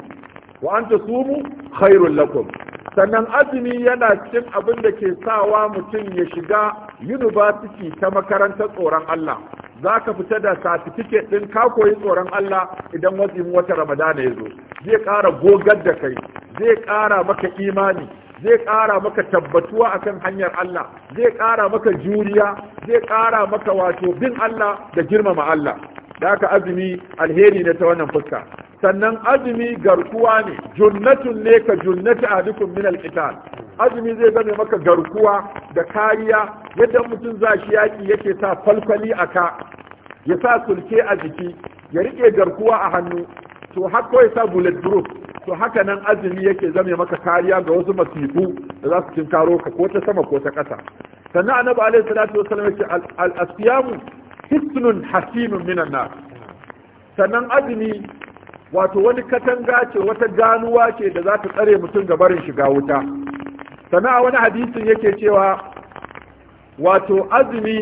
wa anta sumu khairul lakum sannan azumi yana cikin abin da ke sawa mutum ya shiga yunibasiti ta makarantar tsoron Allah za ka fita da satifiket ɗin ka koyi tsoron Allah idan wazimin wata ramadana ya zo zai ƙara gogar da kai zai ƙara maka imani zai ƙara maka tabbatuwa a kan hanyar Allah zai ƙara maka juriya zai ƙara maka wato bin Allah da girmama Allah da aka azumi alheri ne ta wannan fuska sannan azumi garkuwa ne junnatun ne ka junnati ahadukum min alqital azumi zai zame maka garkuwa da kariya yadda mutum za shi yaki yake sa falfali a ka ya sa sulke a jiki ya rike garkuwa a hannu to har kawai sa proof to haka nan azumi yake zame maka kariya ga wasu masifu da za su karo ka ko ta sama ko ta ƙasa sannan annabi alaihi salatu wasallam yake al-asiyamu al-asyamu hisnun hasinun minan nar sannan azumi wato wani katanga ce wata ganuwa ce da za ta tsare mutum ga barin shiga wuta sannan a wani hadisin yake cewa wato azumi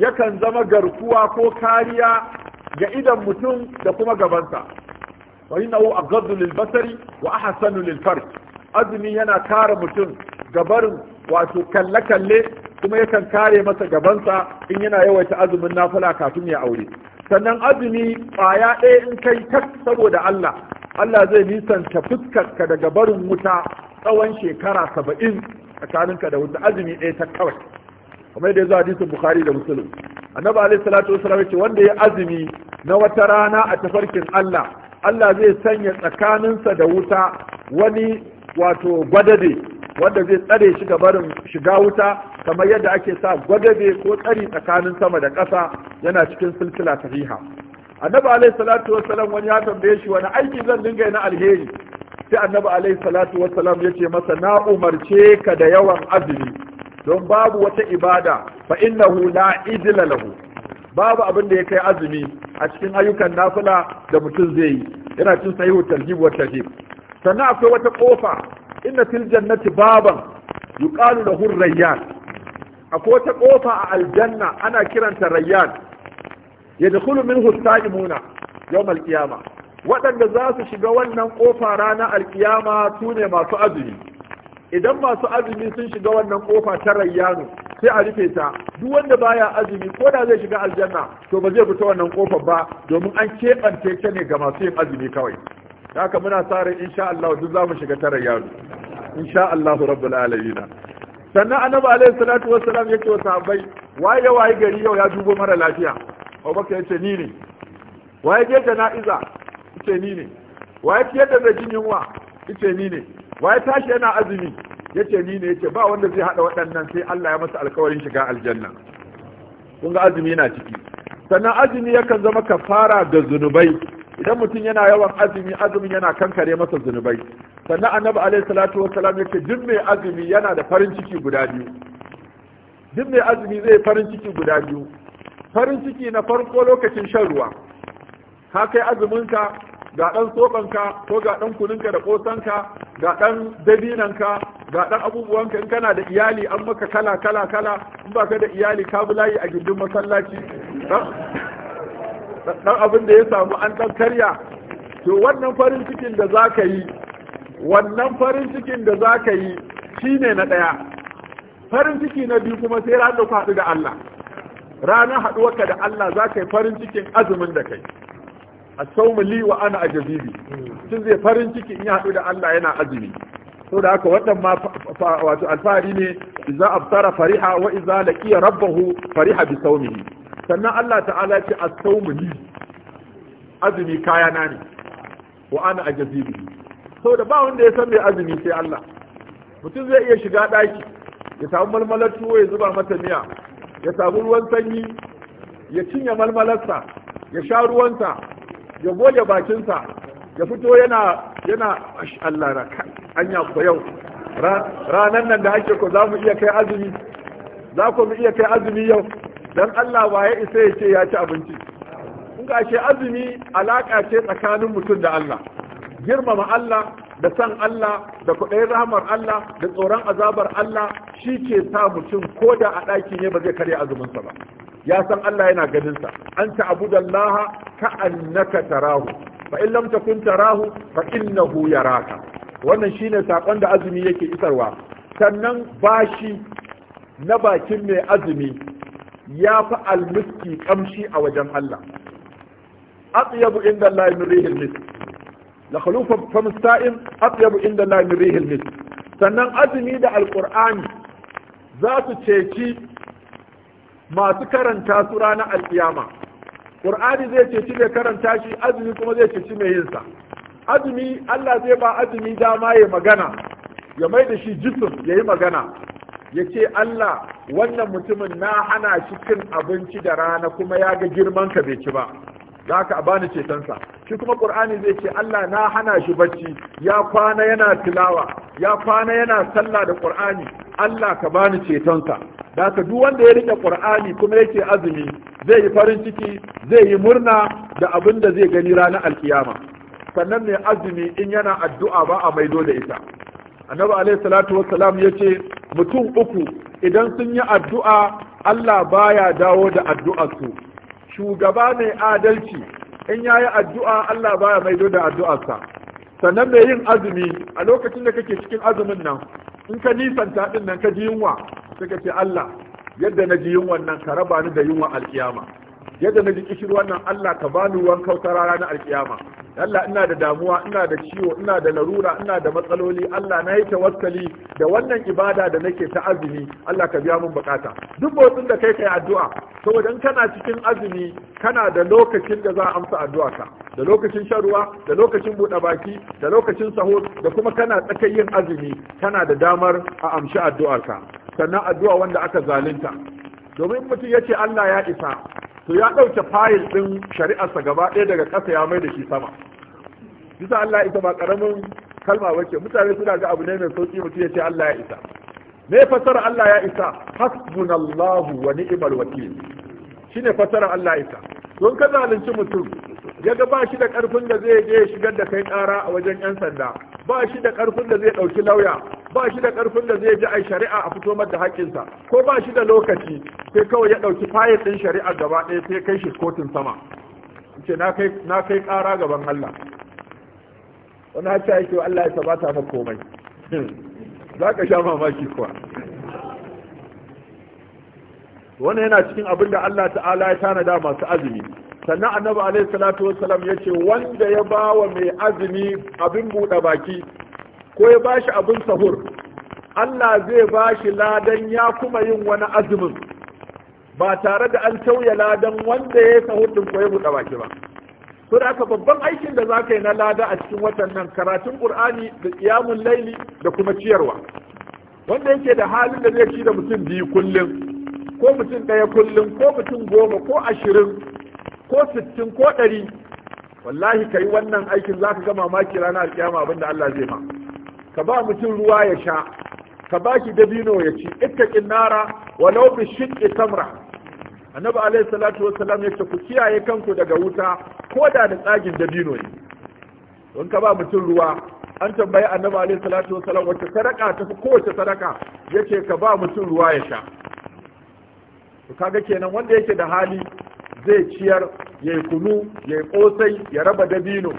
yakan zama garkuwa ko kariya ga idan mutum da kuma gabansa wa nau a gazu lilbasari wa a hasanu azumi yana kare mutum gabarin wato kalle kalle kuma yakan kare masa gabansa in yana yawaita azumin nafila kafin ya aure sannan azumi ƙwaya ɗaya in kai tak saboda Allah Allah zai nisanta ka daga barin wuta tsawon shekara saba'in tsakaninka da wuta azumi ɗaya ta kawai kuma yadda zuwa hadisin bukhari da Muslim annabi alaihi salatu wasallam ce wanda ya azumi na wata rana a tafarkin Allah Allah zai sanya tsakaninsa da wuta wani wato gwadade wanda zai tsare shi ga barin shiga wuta kamar yadda ake sa gwadabe ko tsari tsakanin sama da ƙasa yana cikin silsila sahiha annabi alayhi salatu salam wani ya tambaye shi wani aiki zan dinga yi na alheri sai annabi alayhi salatu wassalam ya ce masa na umarce ka da yawan azumi don babu wata ibada fa innahu la idla lahu babu abin da ya kai azumi a cikin ayyukan nafila da mutum zai yi yana cin sahihu tarhib wa tarhib sannan akwai wata kofa inna fil jannati baban yuqalu lahu rayyan akwai wata kofa a aljanna ana kiranta rayyan yadkhulu minhu as-sa'imuna yawm al-qiyama waɗanda za su shiga wannan kofa ranar alkiyama su ne masu azumi idan masu azumi sun shiga wannan kofa ta rayyanu sai a rufe ta duk wanda baya azumi ko da zai shiga aljanna to ba zai fita wannan ƙofar ba domin an keɓance ta ne ga masu yin azumi kawai haka muna tsarin ran insha Allah duk zamu shiga tara yaro insha Allah rabbul alamin sannan annabi alayhi salatu wassalam yake wa sahabbai waye waye gari yau ya dubo mara lafiya Abubakar yace ni ne waye je jana'iza yace ni ne waye ke da mai yunwa yace ni ne waye tashi yana azumi yace ni ne yace ba wanda zai hada waɗannan sai Allah ya masa alƙawarin shiga aljanna kun ga azumi yana ciki sannan azumi yakan zama kafara ga zunubai idan mutum yana yawan azumi azumin yana kankare masa zunubai sannan annabi alaihi salatu wassalam yake duk mai azumi yana da farin ciki guda biyu duk mai azumi zai farin ciki guda biyu farin ciki na farko lokacin shan ruwa ka kai azuminka ga ɗan ka ko ga ɗan kuninka da ƙosanka ga ɗan dabinanka ga ɗan abubuwanka in kana da iyali an maka kala kala kala in baka da iyali ka bi layi a gindin masallaci dan abin da ya samu an dan karya to wannan farin cikin da za ka yi wannan farin cikin da za ka yi shine na ɗaya farin ciki na biyu kuma sai ranar ku haɗu da Allah ranar haɗuwarka da Allah za ka yi farin cikin azumin da kai a saumu li wa ana ajabibi tun zai farin ciki in ya haɗu da Allah yana azumi to da haka wannan ma wato alfahari ne idza abtara fariha wa idza laqiya rabbahu fariha bi sawmihi sannan Allah ta'ala ce as-sawmu li azumi kaya na ne wa ana Sau da ba wanda ya san mai azumi sai Allah mutum zai iya shiga daki ya samu malmalar tuwo ya zuba mata miya ya samu ruwan sanyi ya cinye malmalarsa ya sha ruwansa ya goge bakinsa ya fito yana yana Allah na anya ko yau ranan nan da ake ko za iya kai azumi za ku mu iya kai azumi yau dan Allah ba ya isa ya ce ya ci abinci in ga ce azumi alaka ce tsakanin mutum da Allah girmama Allah da san Allah da kudayin rahmar Allah da tsoron azabar Allah shi ke sa mutum ko da a ɗaki ne ba zai karya azuminsa ba ya san Allah yana ganin sa an ka annaka tarahu fa in lam takun tarahu fa innahu yaraka wannan shine sakon da azumi yake isarwa sannan bashi na bakin mai azumi ya fi almiski kamshi a wajen Allah atyabu inda Allah min rihil mis. la khalufa fam atyabu inda Allah min rihil mis. sannan azumi da alqur'ani za su ceci masu karanta su ranar alkiyama qur'ani zai ceci mai karanta shi azumi kuma zai ceci mai yin sa azumi Allah zai ba azumi dama ya magana ya mai da shi jisim ya yi magana ya ce Allah wannan mutumin na hana shi cin abinci da rana kuma ya ga girman ka bai ci ba za ka a bani cetonsa shi kuma ƙur'ani zai ce Allah na hana shi bacci ya kwana yana tilawa ya kwana yana sallah da ƙur'ani Allah ka bani cetonsa da ka duk wanda ya rike ƙur'ani kuma yake azumi zai yi farin ciki zai yi murna da abin da zai gani ranar alkiyama sannan mai azumi in yana addu'a ba a maido da ita annabi alayhi salatu salam yace mutum uku idan sun yi addu'a Allah baya dawo da su shugaba mai adalci in yayi addu'a Allah baya mai maido da addu'arsa sannan mai yin azumi a lokacin da kake cikin azumin nan in ka nisanta din nan ka ji yunwa sai ce Allah yadda na ji yunwan nan ka raba ni da yunwa alkiyama yadda na ji kishirwan nan Allah ka bani ruwan kautara ranar alkiyama Allah ina da damuwa ina da ciwo ina da larura ina da matsaloli Allah na yi wasali. da wannan ibada da nake ta azumi Allah ka biya mun bukata duk motsin da kai kai addu'a saboda kana cikin azumi kana da lokacin da za a amsa addu'arka. da lokacin shan ruwa da lokacin buɗe baki da lokacin saho, da kuma kana tsakayin yin azumi kana da damar a amshi addu'ar ka sannan addu'a wanda aka zalunta domin mutum ya ce Allah ya isa to ya ɗauke fayil ɗin shari'arsa gaba ɗaya daga ƙasa ya mai da shi sama bisa Allah ita ba ƙaramin kalma bace mutane suna ga abu ne mai sauƙi mutum ya ce Allah ya isa me fasara Allah ya isa hasbunallahu wa ni'mal wakil shine fasara Allah ya isa don ka zalunci mutum ya ga ba shi da ƙarfin da zai je shigar da kai ƙara a wajen 'yan sanda ba shi da ƙarfin da zai ɗauki lauya ba shi da karfin da zai ji a shari'a a fito mata haƙƙinsa ko ba shi da lokaci sai kawai ya ɗauki fayil ɗin shari'a gaba ɗaya sai kai shi kotun sama ce na kai ƙara gaban Allah wani hacca yake Allah ya sabata maka komai za ka sha mamaki kuwa wani yana cikin abin da Allah ta'ala ya tanada masu azumi sannan annabi alaihi salatu wassalam ya ce wanda ya ba wa mai azumi abin buɗe baki ko ya ba shi abin sahur Allah zai ba shi ladan ya kuma yin wani azumin ba tare da an sauya ladan wanda ya sahur din ko ya buɗe baki ba to da babban aikin da zaka yi na lada a cikin watan nan karatun qur'ani da qiyamul laili da kuma ciyarwa wanda yake da halin da zai ci da mutum biyu kullum ko mutum ɗaya kullum ko mutum goma ko ashirin ko sittin ko ɗari wallahi ka yi wannan aikin za ka ga mamaki ranar abin abinda Allah zai ma ka ba mutum ruwa ya sha ka ba shi dabino ya ci Ita nara walau bi shiqqi tamra annabi alaihi salatu wassalam yace ku kiyaye kanku daga wuta ko da da tsagin dabino ne don ka ba mutum ruwa an tambayi annabi alaihi salatu wassalam wacce sadaka ta fi kowace sadaka yace ka ba mutum ruwa ya sha to kaga kenan wanda yake da hali zai ciyar yayi kunu yayi kosai ya raba dabino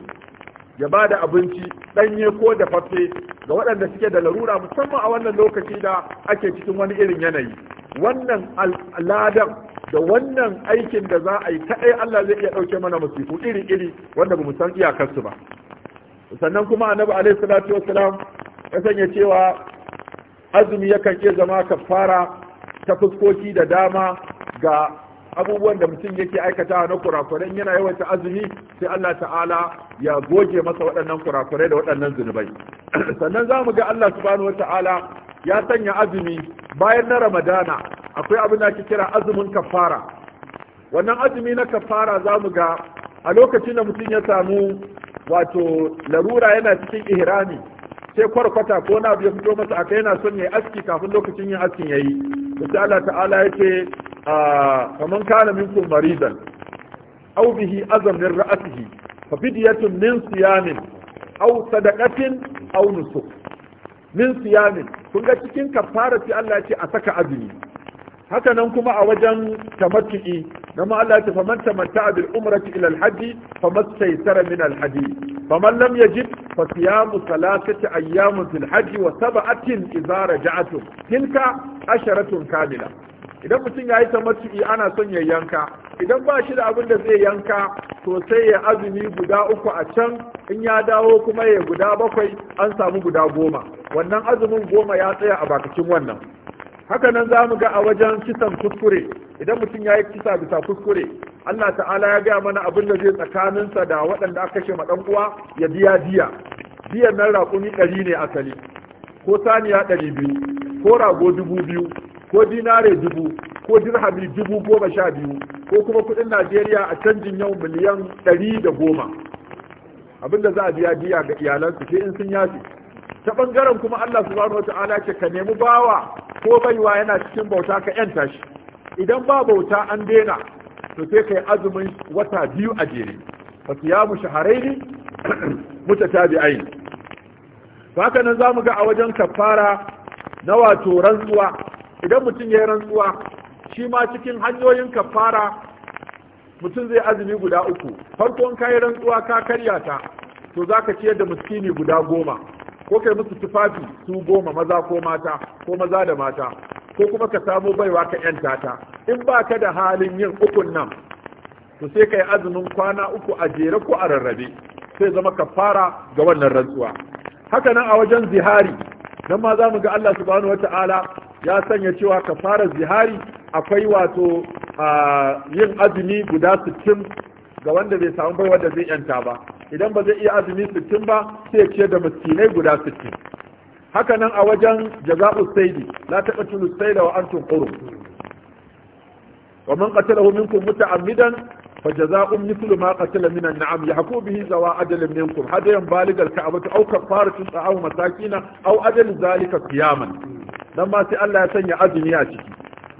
ya ba da abinci ɗanye ko da fafe ga waɗanda suke da larura musamman a wannan lokaci da ake cikin wani irin yanayi wannan al'adar da wannan aikin da za a yi kaɗai Allah zai iya ɗauke mana musifu iri-iri wanda ba mu san iyakarsu ba sannan kuma annabi alaihi salatu wasalam ya sanya cewa azumi yakan iya zama kafara ta fuskoki da dama ga abubuwan da mutum yake aikatawa na kurakurai yana yawaita azumi sai Allah ta'ala ya goge masa waɗannan kurakurai da waɗannan zunubai [CLEARS THROAT] sannan za mu ga Allah subhanahu wa ta'ala ya sanya azumi bayan na ramadana akwai abin da ake kira azumin kafara wannan azumi na kafara za mu ga a lokacin da mutum ya samu wato larura yana cikin ihrami sai kwarkwata ko na ya fito masa aka yana son ya yi aski kafin lokacin yin askin yayi sai Allah ta'ala yake a kaman kana minkum maridan aw bihi azam min ra'sihi fa fidyatun min siyamin aw sadaqatin aw nusuk min siyamin kun ga cikin kafara sai Allah ya ce a saka azumi haka nan kuma a wajen tamattu'i na ma Allah ta faman tamatta bil umrati ila al hajji famastaysara min al hadi faman lam yajid fa siyamu thalathati ayyamin fil hajji wa sab'atin idza raja'atu tilka asharatun kamila idan mutum ya yi tamattu'i ana son ya yanka idan ba shi da abin da zai yanka to sai ya azumi guda uku a can in ya dawo kuma ya guda bakwai an samu guda goma wannan azumin goma ya tsaya a bakacin wannan haka nan za mu ga a wajen kisan kuskure idan mutum ya yi kisa bisa kuskure Allah ta'ala ya gaya mana abin da zai tsakaninsa da waɗanda aka kashe ma uwa ya biya diya diyan nan raƙumi ɗari ne asali ko saniya ɗari biyu ko rago dubu biyu ko dinare dubu ko dirhami dubu goma sha biyu ko kuma kuɗin najeriya a canjin yau miliyan ɗari da goma abinda za a biya diya ga iyalansu sai in sun yafi ta bangaren kuma Allah subhanahu ta'ala ce ka nemi bawa ko baiwa yana cikin bauta ka yanta shi idan ba bauta an daina to sai kai azumin wata biyu a jere fa siyamu shahrayn [CLEARS THROAT] ba haka nan zamu ga a wajen kafara na wato rantsuwa idan mutum ya rantsuwa shi ma cikin hanyoyin kafara mutum zai azumi guda uku farkon yi rantsuwa ka karya ta to zaka ciyar da miskini guda goma ko kai musu tufafi su goma maza ko mata ko maza da mata ko kuma ka samo baiwa ka yanta ta in ba ka da halin yin ukun nan to sai kai azumin kwana uku a jere ko a rarrabe sai zama ka fara ga wannan rantsuwa haka nan a wajen zihari nan ma za mu ga Allah subhanahu wata'ala ya sanya cewa ka fara zihari akwai wato yin azumi guda sittin ga wanda bai samu baiwa wanda zai yanta ba idan ba zai iya azumi sittin ba sai ce da miskinai guda sittin haka nan a wajen jaza'u saidi la taɓa tunu saida wa an tunkuru wa man qatala hu minkum muta'ammidan fa jaza'u mithlu ma qatala min an'am yahku bihi zawa minkum hada yan baligal ka'aba aw kafaratu ta'am masakina aw adl zalika qiyaman dan ba sai Allah ya sanya azumi a ciki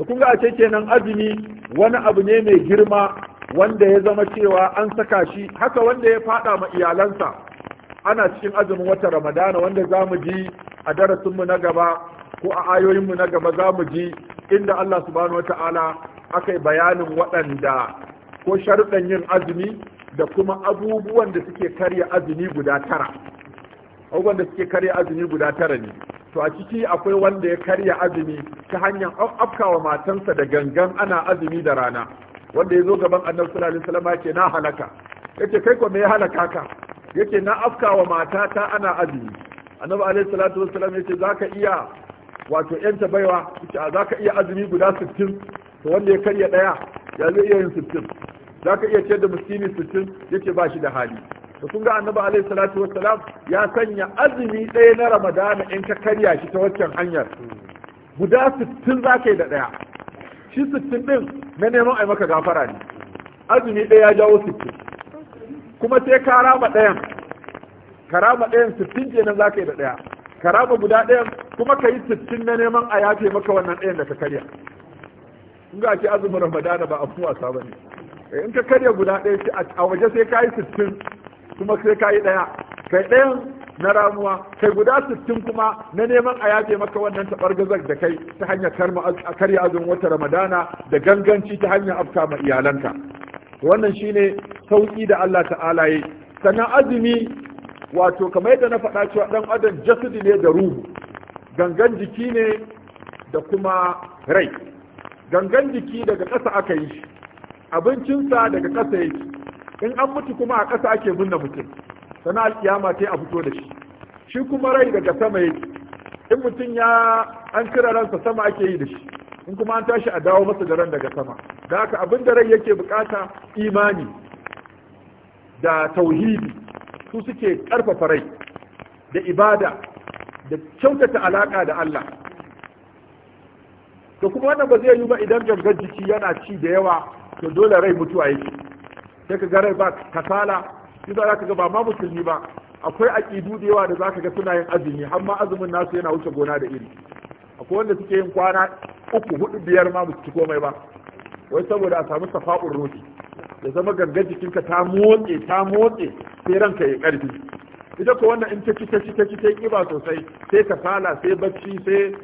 kun ga a ce kenan azumi wani abu ne mai girma wanda ya zama cewa an saka shi haka wanda ya fada ma iyalansa ana cikin azumin wata ramadana wanda za mu ji a darasinmu na gaba ko a ayoyinmu na gaba za mu ji inda Allah subhanahu wa ta'ala aka yi bayanin waɗanda ko sharuɗan yin azumi da kuma abubuwan da suke karya azumi guda tara abubuwan da suke karya azumi guda tara ne to a ciki akwai wanda ya karya azumi ta hanyar afkawa matansa da gangan ana azumi da rana wanda ya zo gaban annabi sallallahu alaihi wasallam yake na halaka yake kai ko me ya halaka ka yake na afka wa ta ana azumi annabi alaihi salatu wasallam yake zaka iya wato yanta baiwa yake zaka iya azumi guda 60 to wanda ya karya daya ya zai iya yin 60 zaka iya ciyar da miskini 60 yake ba shi da hali to kun ga annabi alaihi salatu wasallam ya sanya azumi ɗaya na ramadana in ka karya shi ta waccan hanyar guda 60 zaka yi da daya shi sittin ɗin na neman a maka gafara ne azumi ɗaya ya jawo sittin kuma sai ka raba ɗayan ka raba ɗayan sittin kenan za ka yi da ɗaya ka raba guda ɗayan kuma ka yi sittin na neman a yafe maka wannan ɗayan da ka karya in ga ake azumin ramadana ba a fi wasa ba ne eh, in ka karya guda ɗaya a waje sai ka yi sittin kuma sai ka yi ɗaya kai ɗayan na ramuwa kai guda sittin kuma na neman a yafe maka wannan taɓargazar da kai ta hanyar karya azumin wata ramadana da ganganci ta hanyar afka ma iyalanka wannan shine sauki da Allah ta'ala yi sannan azumi wato kamar yadda na faɗa cewa dan adam jasadi ne da ruhu gangan jiki ne da kuma rai gangan jiki daga ƙasa aka yi shi abincinsa daga ƙasa yake in an mutu kuma a ƙasa ake binne mutum sana alkiyama ta a fito da shi shi kuma rai daga sama yake in mutum ya an kira ransa sama ake yi da shi in kuma an tashi a dawo masa da ran daga sama da haka abin da rai yake bukata imani da tauhidi su suke karfafa rai da ibada da kyautata alaka da Allah to kuma wannan ba zai yi ba idan gangar jiki yana ci da yawa to dole rai mutuwa yake sai ka ga rai ba kasala shi za ka ga ba ma musulmi ba akwai aƙidu da yawa da za ka ga suna yin azumi har ma azumin nasu yana wuce gona da iri akwai wanda suke yin kwana uku hudu biyar ma ba ci komai ba wai saboda a samu safa'ur ruhi ya zama gangan jikinka ta motse ta motse sai ranka ya karfi ita ko wannan in ta ci ta ci ta ci ta kiba sosai sai ka sala sai bacci sai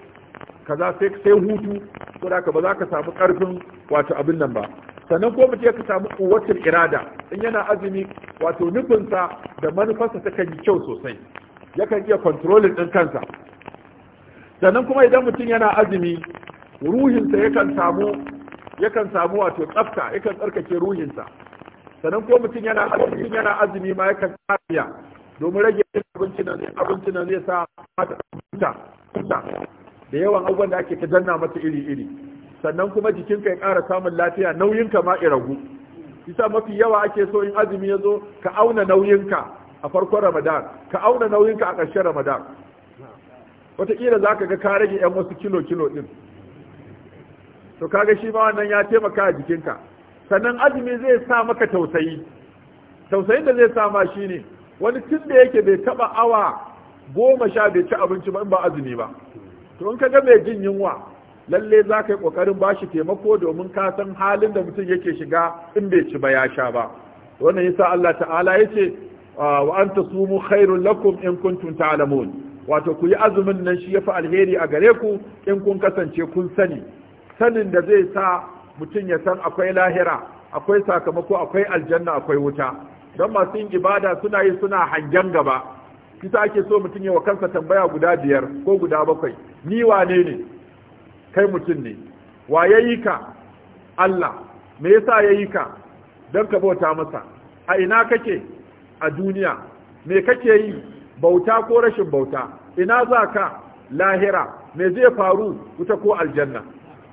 kaza sai sai hutu saboda ka ba za ka samu karfin wato abin nan ba sannan ko mutum ka samu kuwatar irada in yana azumi wato nufinsa da manufarsa ta kan yi kyau sosai yakan iya kontrolin ɗin kansa sannan kuma idan mutum yana azumi ruhinsa yakan samu kan samu wato tsafta yakan tsarkake ruhinsa sannan ko mutum yana azumi yana azumi ma yakan tsariya domin rage abinci nan abinci nan zai sa mata da yawan abubuwan da ake ta danna mata iri iri sannan kuma jikinka ya ƙara samun lafiya nauyinka ma ya ragu isa mafi yawa ake so in azumi ya zo ka auna nauyinka a farkon ramadan ka auna nauyinka a ƙarshen ramadan wataƙila za ka ga ka rage yan wasu kilo kilo ɗin to kaga shi ma wannan ya taimaka a jikinka sannan azumi zai sa maka tausayi tausayin da zai sa ma shi ne wani tun da yake bai taɓa awa goma sha bai ci abinci ba in ba azumi ba to in ka ga mai jin yunwa lalle za ka yi ƙoƙarin ba shi taimako domin ka san halin da mutum yake shiga in bai ci ba ya sha ba wannan yasa Allah ta'ala ya ce ah, wa an sumu khairul lakum in kuntum ta'lamun wato ku yi azumin nan shi yafi alheri a gare ku in kun kasance kun sani sanin da zai sa mutum ya san akwai lahira akwai sakamako akwai aljanna akwai wuta don masu yin ibada suna yi suna hangen gaba kisa ake so mutum ya wa kansa tambaya guda biyar ko guda bakwai ni wane ne kai mutum ne wa ya yi ka Allah me yasa yi ka don ka bauta masa a ina kake a duniya me kake yi bauta ko rashin bauta ina za ka lahira me zai faru wuta ko aljanna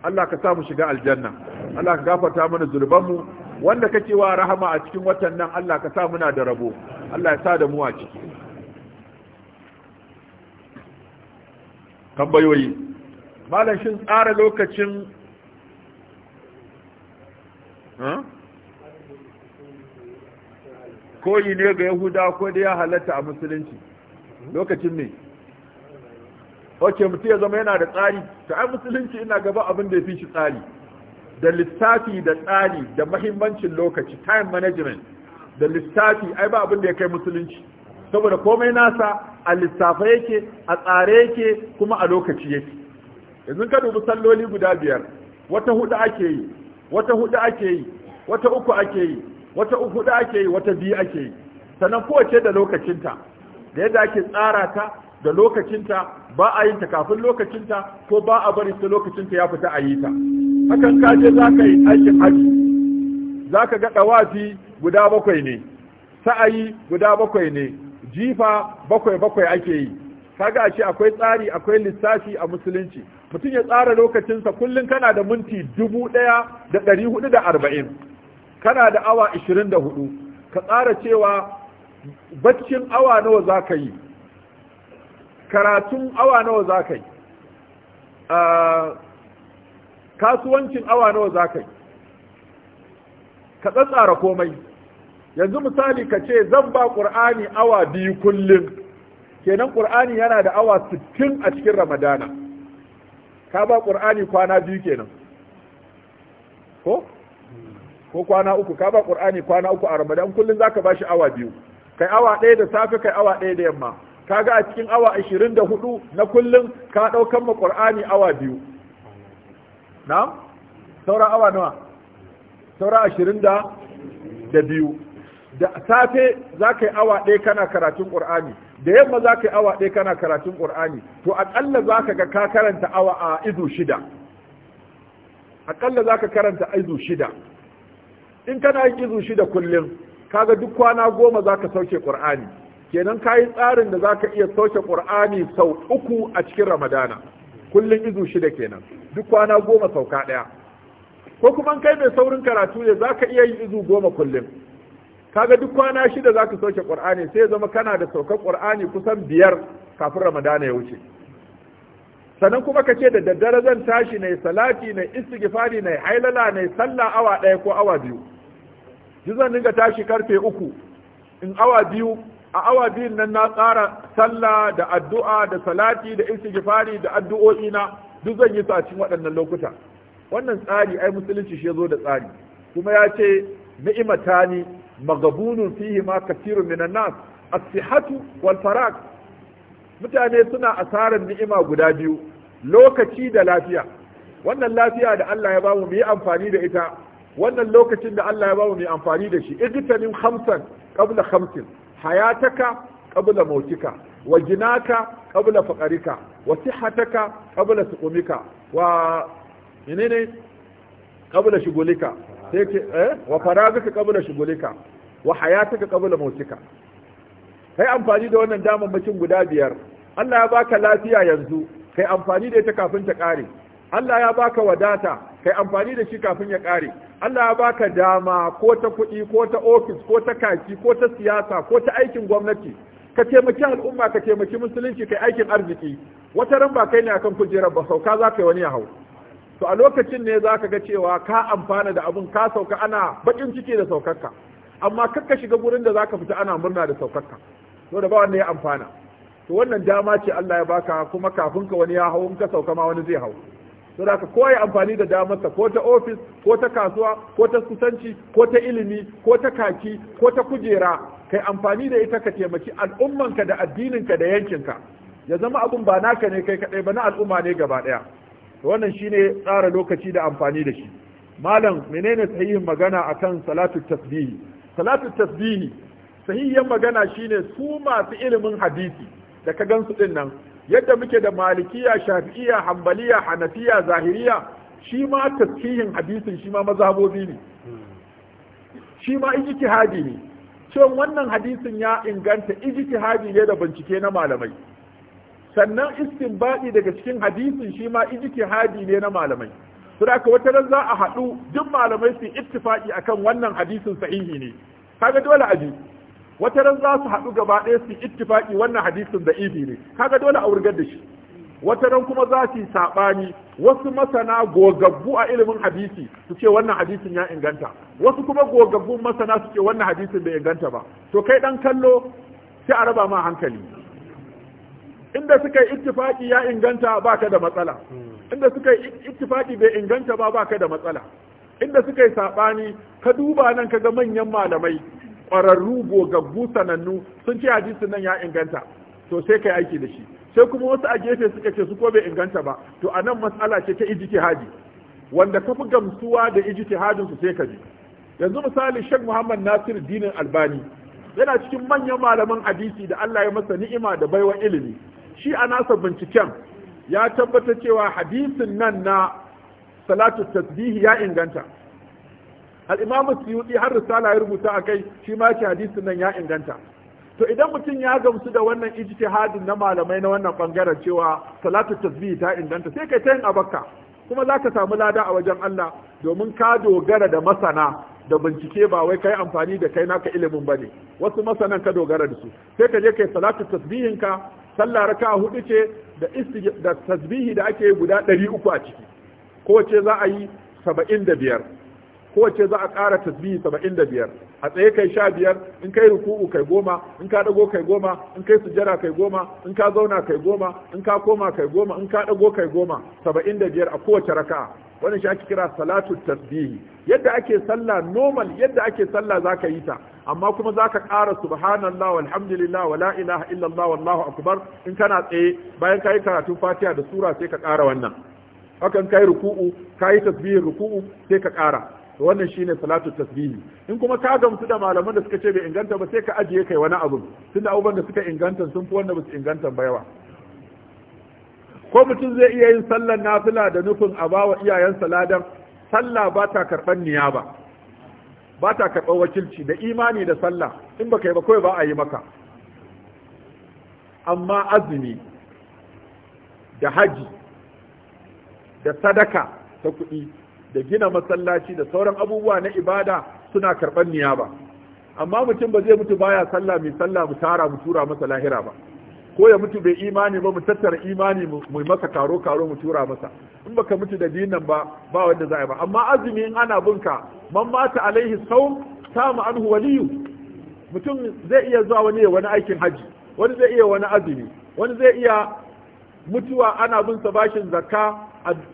Allah ka samu shiga aljanna Allah ka gafarta mana zulubanmu wanda kake wa rahama a cikin watan nan Allah ka sa muna da rabo Allah ya sa da mu a ciki tambayoyi malam shin tsara lokacin koyi ne ga yahuda ko da ya halatta a musulunci lokacin ne ok mutu ya zama yana da tsari ta ai musulunci ina gaba abin da ya fi shi tsari da lissafi da tsari da mahimmancin lokaci time management da lissafi ai ba abin da ya kai musulunci saboda komai nasa a lissafa yake a tsare yake kuma a lokaci yake yanzu ka dubi salloli guda biyar wata hudu ake yi wata hudu ake yi wata uku ake yi wata uku hudu ake yi wata biyu ake yi sannan kowace da lokacinta da yadda ake tsara ta da lokacinta ba a yin ta kafin lokacinta ko ba a bari ta lokacinta ya fita a yi ta hakan ka je za ka yi aikin haji za ka ga ɗawafi guda bakwai ne sa'ayi guda bakwai ne jifa bakwai bakwai ake yi kaga shi akwai tsari akwai lissafi a musulunci mutum ya tsara lokacinsa kullum kana da minti dubu ɗaya da ɗari hudu da arba'in kana da awa ishirin da hudu ka tsara cewa baccin awa nawa za ka yi karatun awa nawa za ka yi kasuwancin awa nawa za ka yi ka tsatsara komai yanzu misali ka ce zan ba ƙur'ani awa biyu kullum kenan ƙur'ani yana da awa sittin a cikin ramadana ka ba ƙur'ani kwana biyu kenan ko ko kwana uku ka ba ƙur'ani kwana uku a ramadan ka zaka shi awa biyu kai awa ɗaya da safe kai awa ɗaya da yamma Ka ga a cikin awa ashirin da hudu na kullum ka ɗaukan ma ƙur'ani awa biyu na saura awa nawa saura ashirin da biyu da safe za ka yi awa ɗaya kana karatun ƙur'ani da yamma za ka yi awa ɗaya kana karatun ƙur'ani to aƙalla za ka ga ka karanta awa a izu shida aƙalla za ka karanta izu shida in kana yin izu shida kullum kaga duk kwana goma za ka sauke ƙur'ani kenan ka yi tsarin da za ka iya sauke ƙur'ani sau uku a cikin ramadana kullum izu shida kenan duk kwana goma sauka ɗaya ko kuma kai mai saurin karatu ne za ka iya yin izu goma kullum kaga duk kwana shida za ka sauke ƙur'ani sai zama kana da saukar ƙur'ani kusan biyar kafin ramadana ya wuce sannan kuma ka ce da daddare zan tashi na salati na istighfari na hailala na sallah awa ɗaya ko awa biyu duk zan dinga tashi karfe uku in awa biyu a awa biyun nan na tsara sallah da addu'a da salati da istighfari da addu'o'i na duk zan yi su a cikin waɗannan lokuta wannan tsari ai musulunci shi ya zo da tsari kuma ya ce ni. magabunun fihi ma kathirun minan nas mutane suna asarar ni'ima guda biyu lokaci da lafiya wannan lafiya da Allah ya bamu mu yi amfani da ita wannan lokacin da Allah ya bamu mu yi amfani da shi ijtanim khamsan qabla khamsin hayataka qabla mautika wa jinaka qabla faqarika wa sihhataka qabla suqumika wa menene qabla shugulika sai ce eh wa faragaka qabla shugulika wa hayataka qabla mautika kai amfani da wannan daman mutum guda biyar Allah ya baka lafiya yanzu kai amfani da ita kafin ta kare Allah ya baka wadata kai amfani da shi kafin ya kare Allah ya baka dama ko ta kuɗi ko ta ofis ko ta kaki ko ta siyasa ko ta aikin gwamnati ka taimaki al'umma ka taimaki musulunci kai aikin arziki wata ran ba kai ne akan kujerar ba sauka za ka yi wani ya hau to a lokacin ne za ka ga cewa ka amfana da abin ka sauka ana bakin ciki da saukarka amma kakka shiga gurin da za ka fita ana murna da saukarka to da ba wanda ya amfana to wannan dama ce Allah ya baka kuma kafin ka wani ya hau in ka sauka ma wani zai hau to da ka koyi amfani da damarsa ko ta ofis ko ta kasuwa ko ta kusanci ko ta ilimi ko ta kaki ko ta kujera kai amfani da ita ka taimaki al'ummanka da addininka da yankinka ya zama abun ba naka ne kai kadai ba na al'umma ne gaba daya wannan shine tsara lokaci da amfani da shi malam menene sahihin magana akan salatu tasbihi salatu tasbihi sahihin magana shine su masu ilimin hadisi da ka gan su dinnan yadda muke da malikiya shafi'iya hanbaliya hanafiya zahiriya shi ma tasbihin hadisin shi ma mazhabobi ne shi ma ijtihadi ne cewa wannan hadisin ya inganta ijtihadi ne da bincike na malamai sannan istinbadi daga cikin hadisin shi ma hadi ne na malamai to da wata ran za a haɗu duk malamai su ittifaki akan wannan hadisin sahihi ne kaga dole a bi wata ran za su haɗu gaba ɗaya su ittifaki wannan hadisin da ibi ne kaga dole a wurgar da shi wata ran kuma za su yi saɓani wasu masana gogaggu a ilimin hadisi su ce wannan hadisin ya inganta wasu kuma gogaggun masana su ce wannan hadisin bai inganta ba to kai ɗan kallo sai a raba ma hankali inda suka yi ittifaki ya inganta ba ka da matsala inda suka yi ittifaki bai inganta ba ka da matsala inda suka yi sabani ka duba nan ka ga manyan malamai ƙwararru gogaggu sanannu sun ce hadisin nan ya inganta to sai kai aiki da shi sai kuma wasu a gefe suka ce su ko bai inganta ba to a nan matsala ce ta ijtihadi wanda ka fi gamsuwa da ijtihadin su sai ka ji yanzu misali Sheikh Muhammad Nasiru, Dinin Albani yana cikin manyan malaman hadisi da Allah ya masa ni'ima da baiwa ilimi shi a nasa binciken ya tabbata cewa hadisin nan na salatu tasbihi ya inganta al-imamu suyuti har risala ya rubuta a kai shi ma ce hadisin nan ya inganta to idan mutum ya gamsu da wannan ijtihadin na malamai na wannan bangaren cewa salatu tasbihi ta inganta sai kai ta yin abakka kuma za ka samu lada a wajen Allah domin ka dogara da masana da bincike ba wai kai amfani da kai naka ilimin ba ne. wasu masanan ka dogara da su sai ka je kai salatu tasbihinka sallah raka hudu ce da da tasbihi da ake guda 300 a ciki ko ce za a yi 75 kowace za a ƙara tasbihi saba'in da biyar a tsaye kai sha biyar in kai ruku'u kai goma in ka ɗago kai goma in kai sujjara kai goma in ka zauna kai goma in ka koma kai goma in ka ɗago kai goma saba'in da biyar a kowace raka'a wannan shi ake kira salatu tasbihi yadda ake sallah normal yadda ake sallah za ka yi ta amma kuma za ka ƙara subhanallah walhamdulillah wa ilaha illallah wallahu akbar in kana tsaye bayan ka yi karatun fatiha da sura sai ka ƙara wannan hakan kai ruku'u kai tasbihin ruku'u sai ka ƙara Wannan shi ne salatu tasbihi in kuma ka gamsu da malaman da suka ce bai inganta ba sai ka ajiye kai wani abu tunda abubuwan da suka inganta sun fi wanda ba su inganta ba yawa ko mutum zai iya yin sallar nafila da nufin a ba wa iyayensa ladan sallah ba ta karɓar niyaba ba ta karɓar wakilci da imani da sallah in ba kai ba kawai ba a yi maka amma azumi da haji da sadaka ta kuɗi da gina masallaci da sauran abubuwa na ibada suna karɓar ba. amma mutum ba zai mutu baya sallah mai sallah mu tara mu tura masa lahira ba ko ya mutu bai imani ba mu tattara imani mu masa karo karo mu tura masa in baka mutu da nan ba ba wanda za a ba amma azumi in ana bunka man mata alaihi sawm sama anhu waliyu mutum zai iya zuwa wani ya wani aikin haji wani zai iya wani azumi wani zai iya mutuwa ana bin sa bashin zakka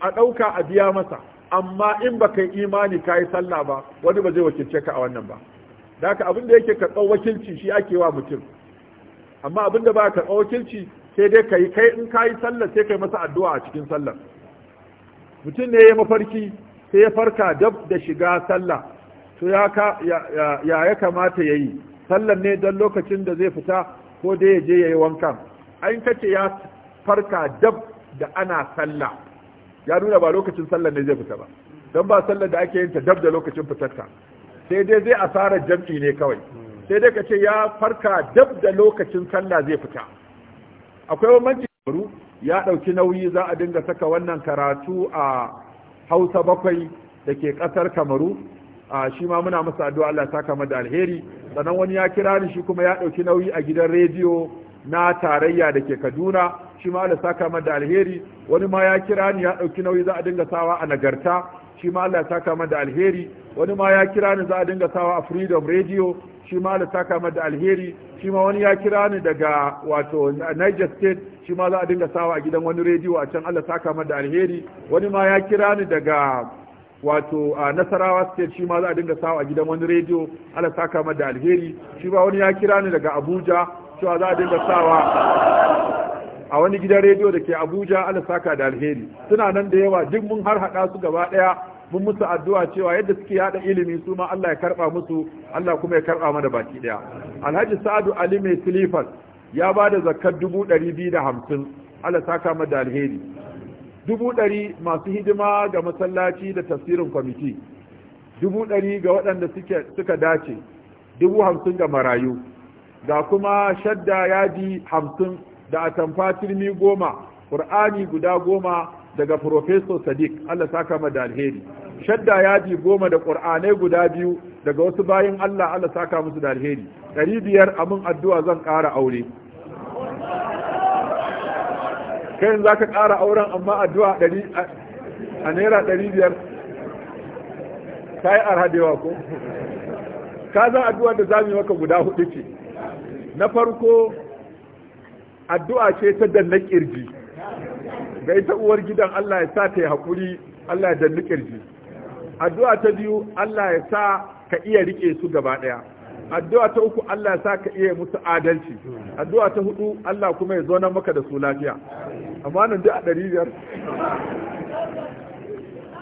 a ɗauka a biya masa amma in ba ka yi imani ka yi sallah ba wani ba zai wakilce ka a wannan ba da haka abin da yake karɓar wakilci shi ake wa mutum amma abin da ba karɓar wakilci sai dai ka yi kai in ka yi sallah sai ka yi masa addu'a a cikin sallah mutum ne ya mafarki sai ya farka dab da shiga sallah to ya ya kamata ya yi sallan ne dan lokacin da zai fita ko dai ya je yayi yi wankan an kace ya farka dab da ana sallah ya nuna ba lokacin sallar ne zai fita ba don ba sallar da ake yin ta dab da lokacin fitarta sai dai zai asarar jam'i ne kawai sai dai ka ce ya farka dab da lokacin sallah zai fita akwai bambanci baru ya ɗauki nauyi za a dinga saka wannan karatu a hausa bakwai da ke ƙasar kamaru a shi ma muna masa addu'a Allah ta mu da alheri sannan wani ya kira ni shi kuma ya ɗauki nauyi a gidan rediyo na tarayya da ke kaduna shi ma Allah saka man da alheri wani ma ya kira ni ya ɗauki nauyi za a dinga sawa a nagarta shi ma Allah saka man da alheri wani ma ya kira ni za a dinga sawa a freedom radio shi ma Allah saka man da alheri shi ma wani ya kira ni daga wato Niger State shi ma za a dinga sawa a gidan wani rediyo a can Allah saka man da alheri wani ma ya kira ni daga wato a nasarawa state shi ma za a dinga sawa a gidan wani rediyo Allah saka man da alheri shi ma wani ya kira ni daga Abuja cewa za a dinga sawa a wani gidan rediyo da ke abuja alasaka da alheri suna nan da yawa duk mun har haɗa su gaba ɗaya mun musu addu'a cewa yadda suke yada ilimi su ma Allah ya karba musu Allah kuma ya karɓa mana baki ɗaya Alhaji Sa'adu Ali mai silifas ya ba da zakkar dubu ɗari biyu da hamsin Allah saka da alheri dubu ɗari masu hidima ga masallaci da tafsirin kwamiti dubu ɗari ga waɗanda suka dace dubu hamsin ga marayu ga kuma shadda yadi hamsin da atamfa turmi goma ƙur'ani guda goma daga Profesor Sadiq Allah saka ma da alheri shadda yadi goma da ƙur'anai guda biyu daga wasu bayin Allah Allah saka musu da alheri ɗari biyar amin addu'a zan ƙara aure kai za ka ƙara auren amma addu'a ɗari a naira ɗari biyar ta yi arhadewa ko ka za addu'a da za mu yi maka guda hudu ce na farko addu'a ce ta danna kirji ga ita uwar gidan Allah ya sa ta yi haƙuri Allah ya danna kirji addu'a ta biyu Allah ya sa ka iya rike su gaba ɗaya addu'a ta uku Allah ya sa ka iya musu adalci addu'a ta hudu Allah kuma ya nan maka da su lafiya amma nan duk a ɗari biyar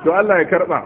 to Allah ya karɓa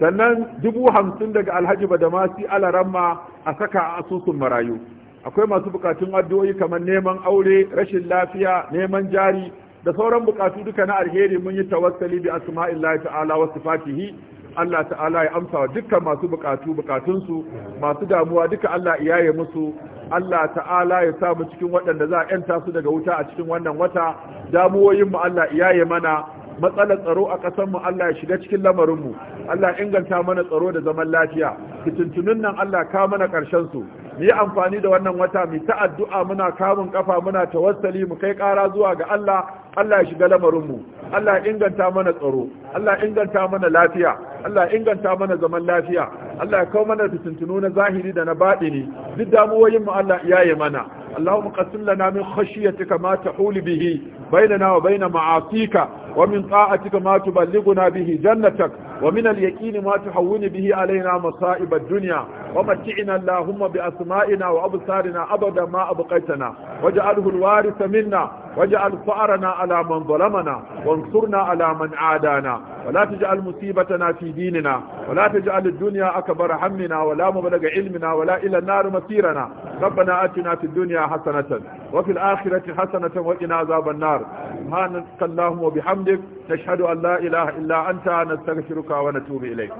sannan dubu hamsin daga alhaji badamasi alaramma a saka a asusun marayu akwai masu bukatun addu'o'i kamar neman aure rashin lafiya neman jari da sauran bukatu duka na alheri mun yi tawassali bi asma'illahi ta'ala wa sifatihi Allah ta'ala ya amsa wa dukkan masu bukatu su masu damuwa duka Allah iyaye musu Allah ta'ala ya sa mu cikin waɗanda za a yanta su daga wuta a cikin wannan wata damuwoyin mu Allah ya mana matsalar tsaro a ƙasar mu Allah ya shiga cikin lamarin mu Allah inganta mana tsaro da zaman lafiya fitintunun nan Allah ka mana karshen su mu yi amfani da wannan wata mu ta'addu'a muna kamun kafa muna tawassali mu kai ƙara zuwa ga Allah Allah ya shiga lamarin mu Allah ya inganta mana tsaro Allah ya inganta mana lafiya Allah ya inganta mana zaman lafiya Allah ya kawo mana fitintunu na zahiri da na baɗini duk damuwoyin mu Allah ya yi mana اللهم قسم لنا من خشيتك ما تحول به بيننا وبين معاصيك ومن طاعتك ما تبلغنا به جنتك ومن اليقين ما تحون به علينا مصائب الدنيا ومتعنا اللهم بأسمائنا وأبصارنا أبدا ما أبقيتنا واجعله الوارث منا واجعل فأرنا على من ظلمنا وانصرنا على من عادانا ولا تجعل مصيبتنا في ديننا ولا تجعل الدنيا أكبر همنا ولا مبلغ علمنا ولا إلى النار مصيرنا ربنا آتنا في الدنيا حسنة وفي الآخرة حسنة وقنا عذاب النار سبحانك اللهم وبحمدك نشهد أن لا إله إلا أنت نستغفرك ونتوب إليك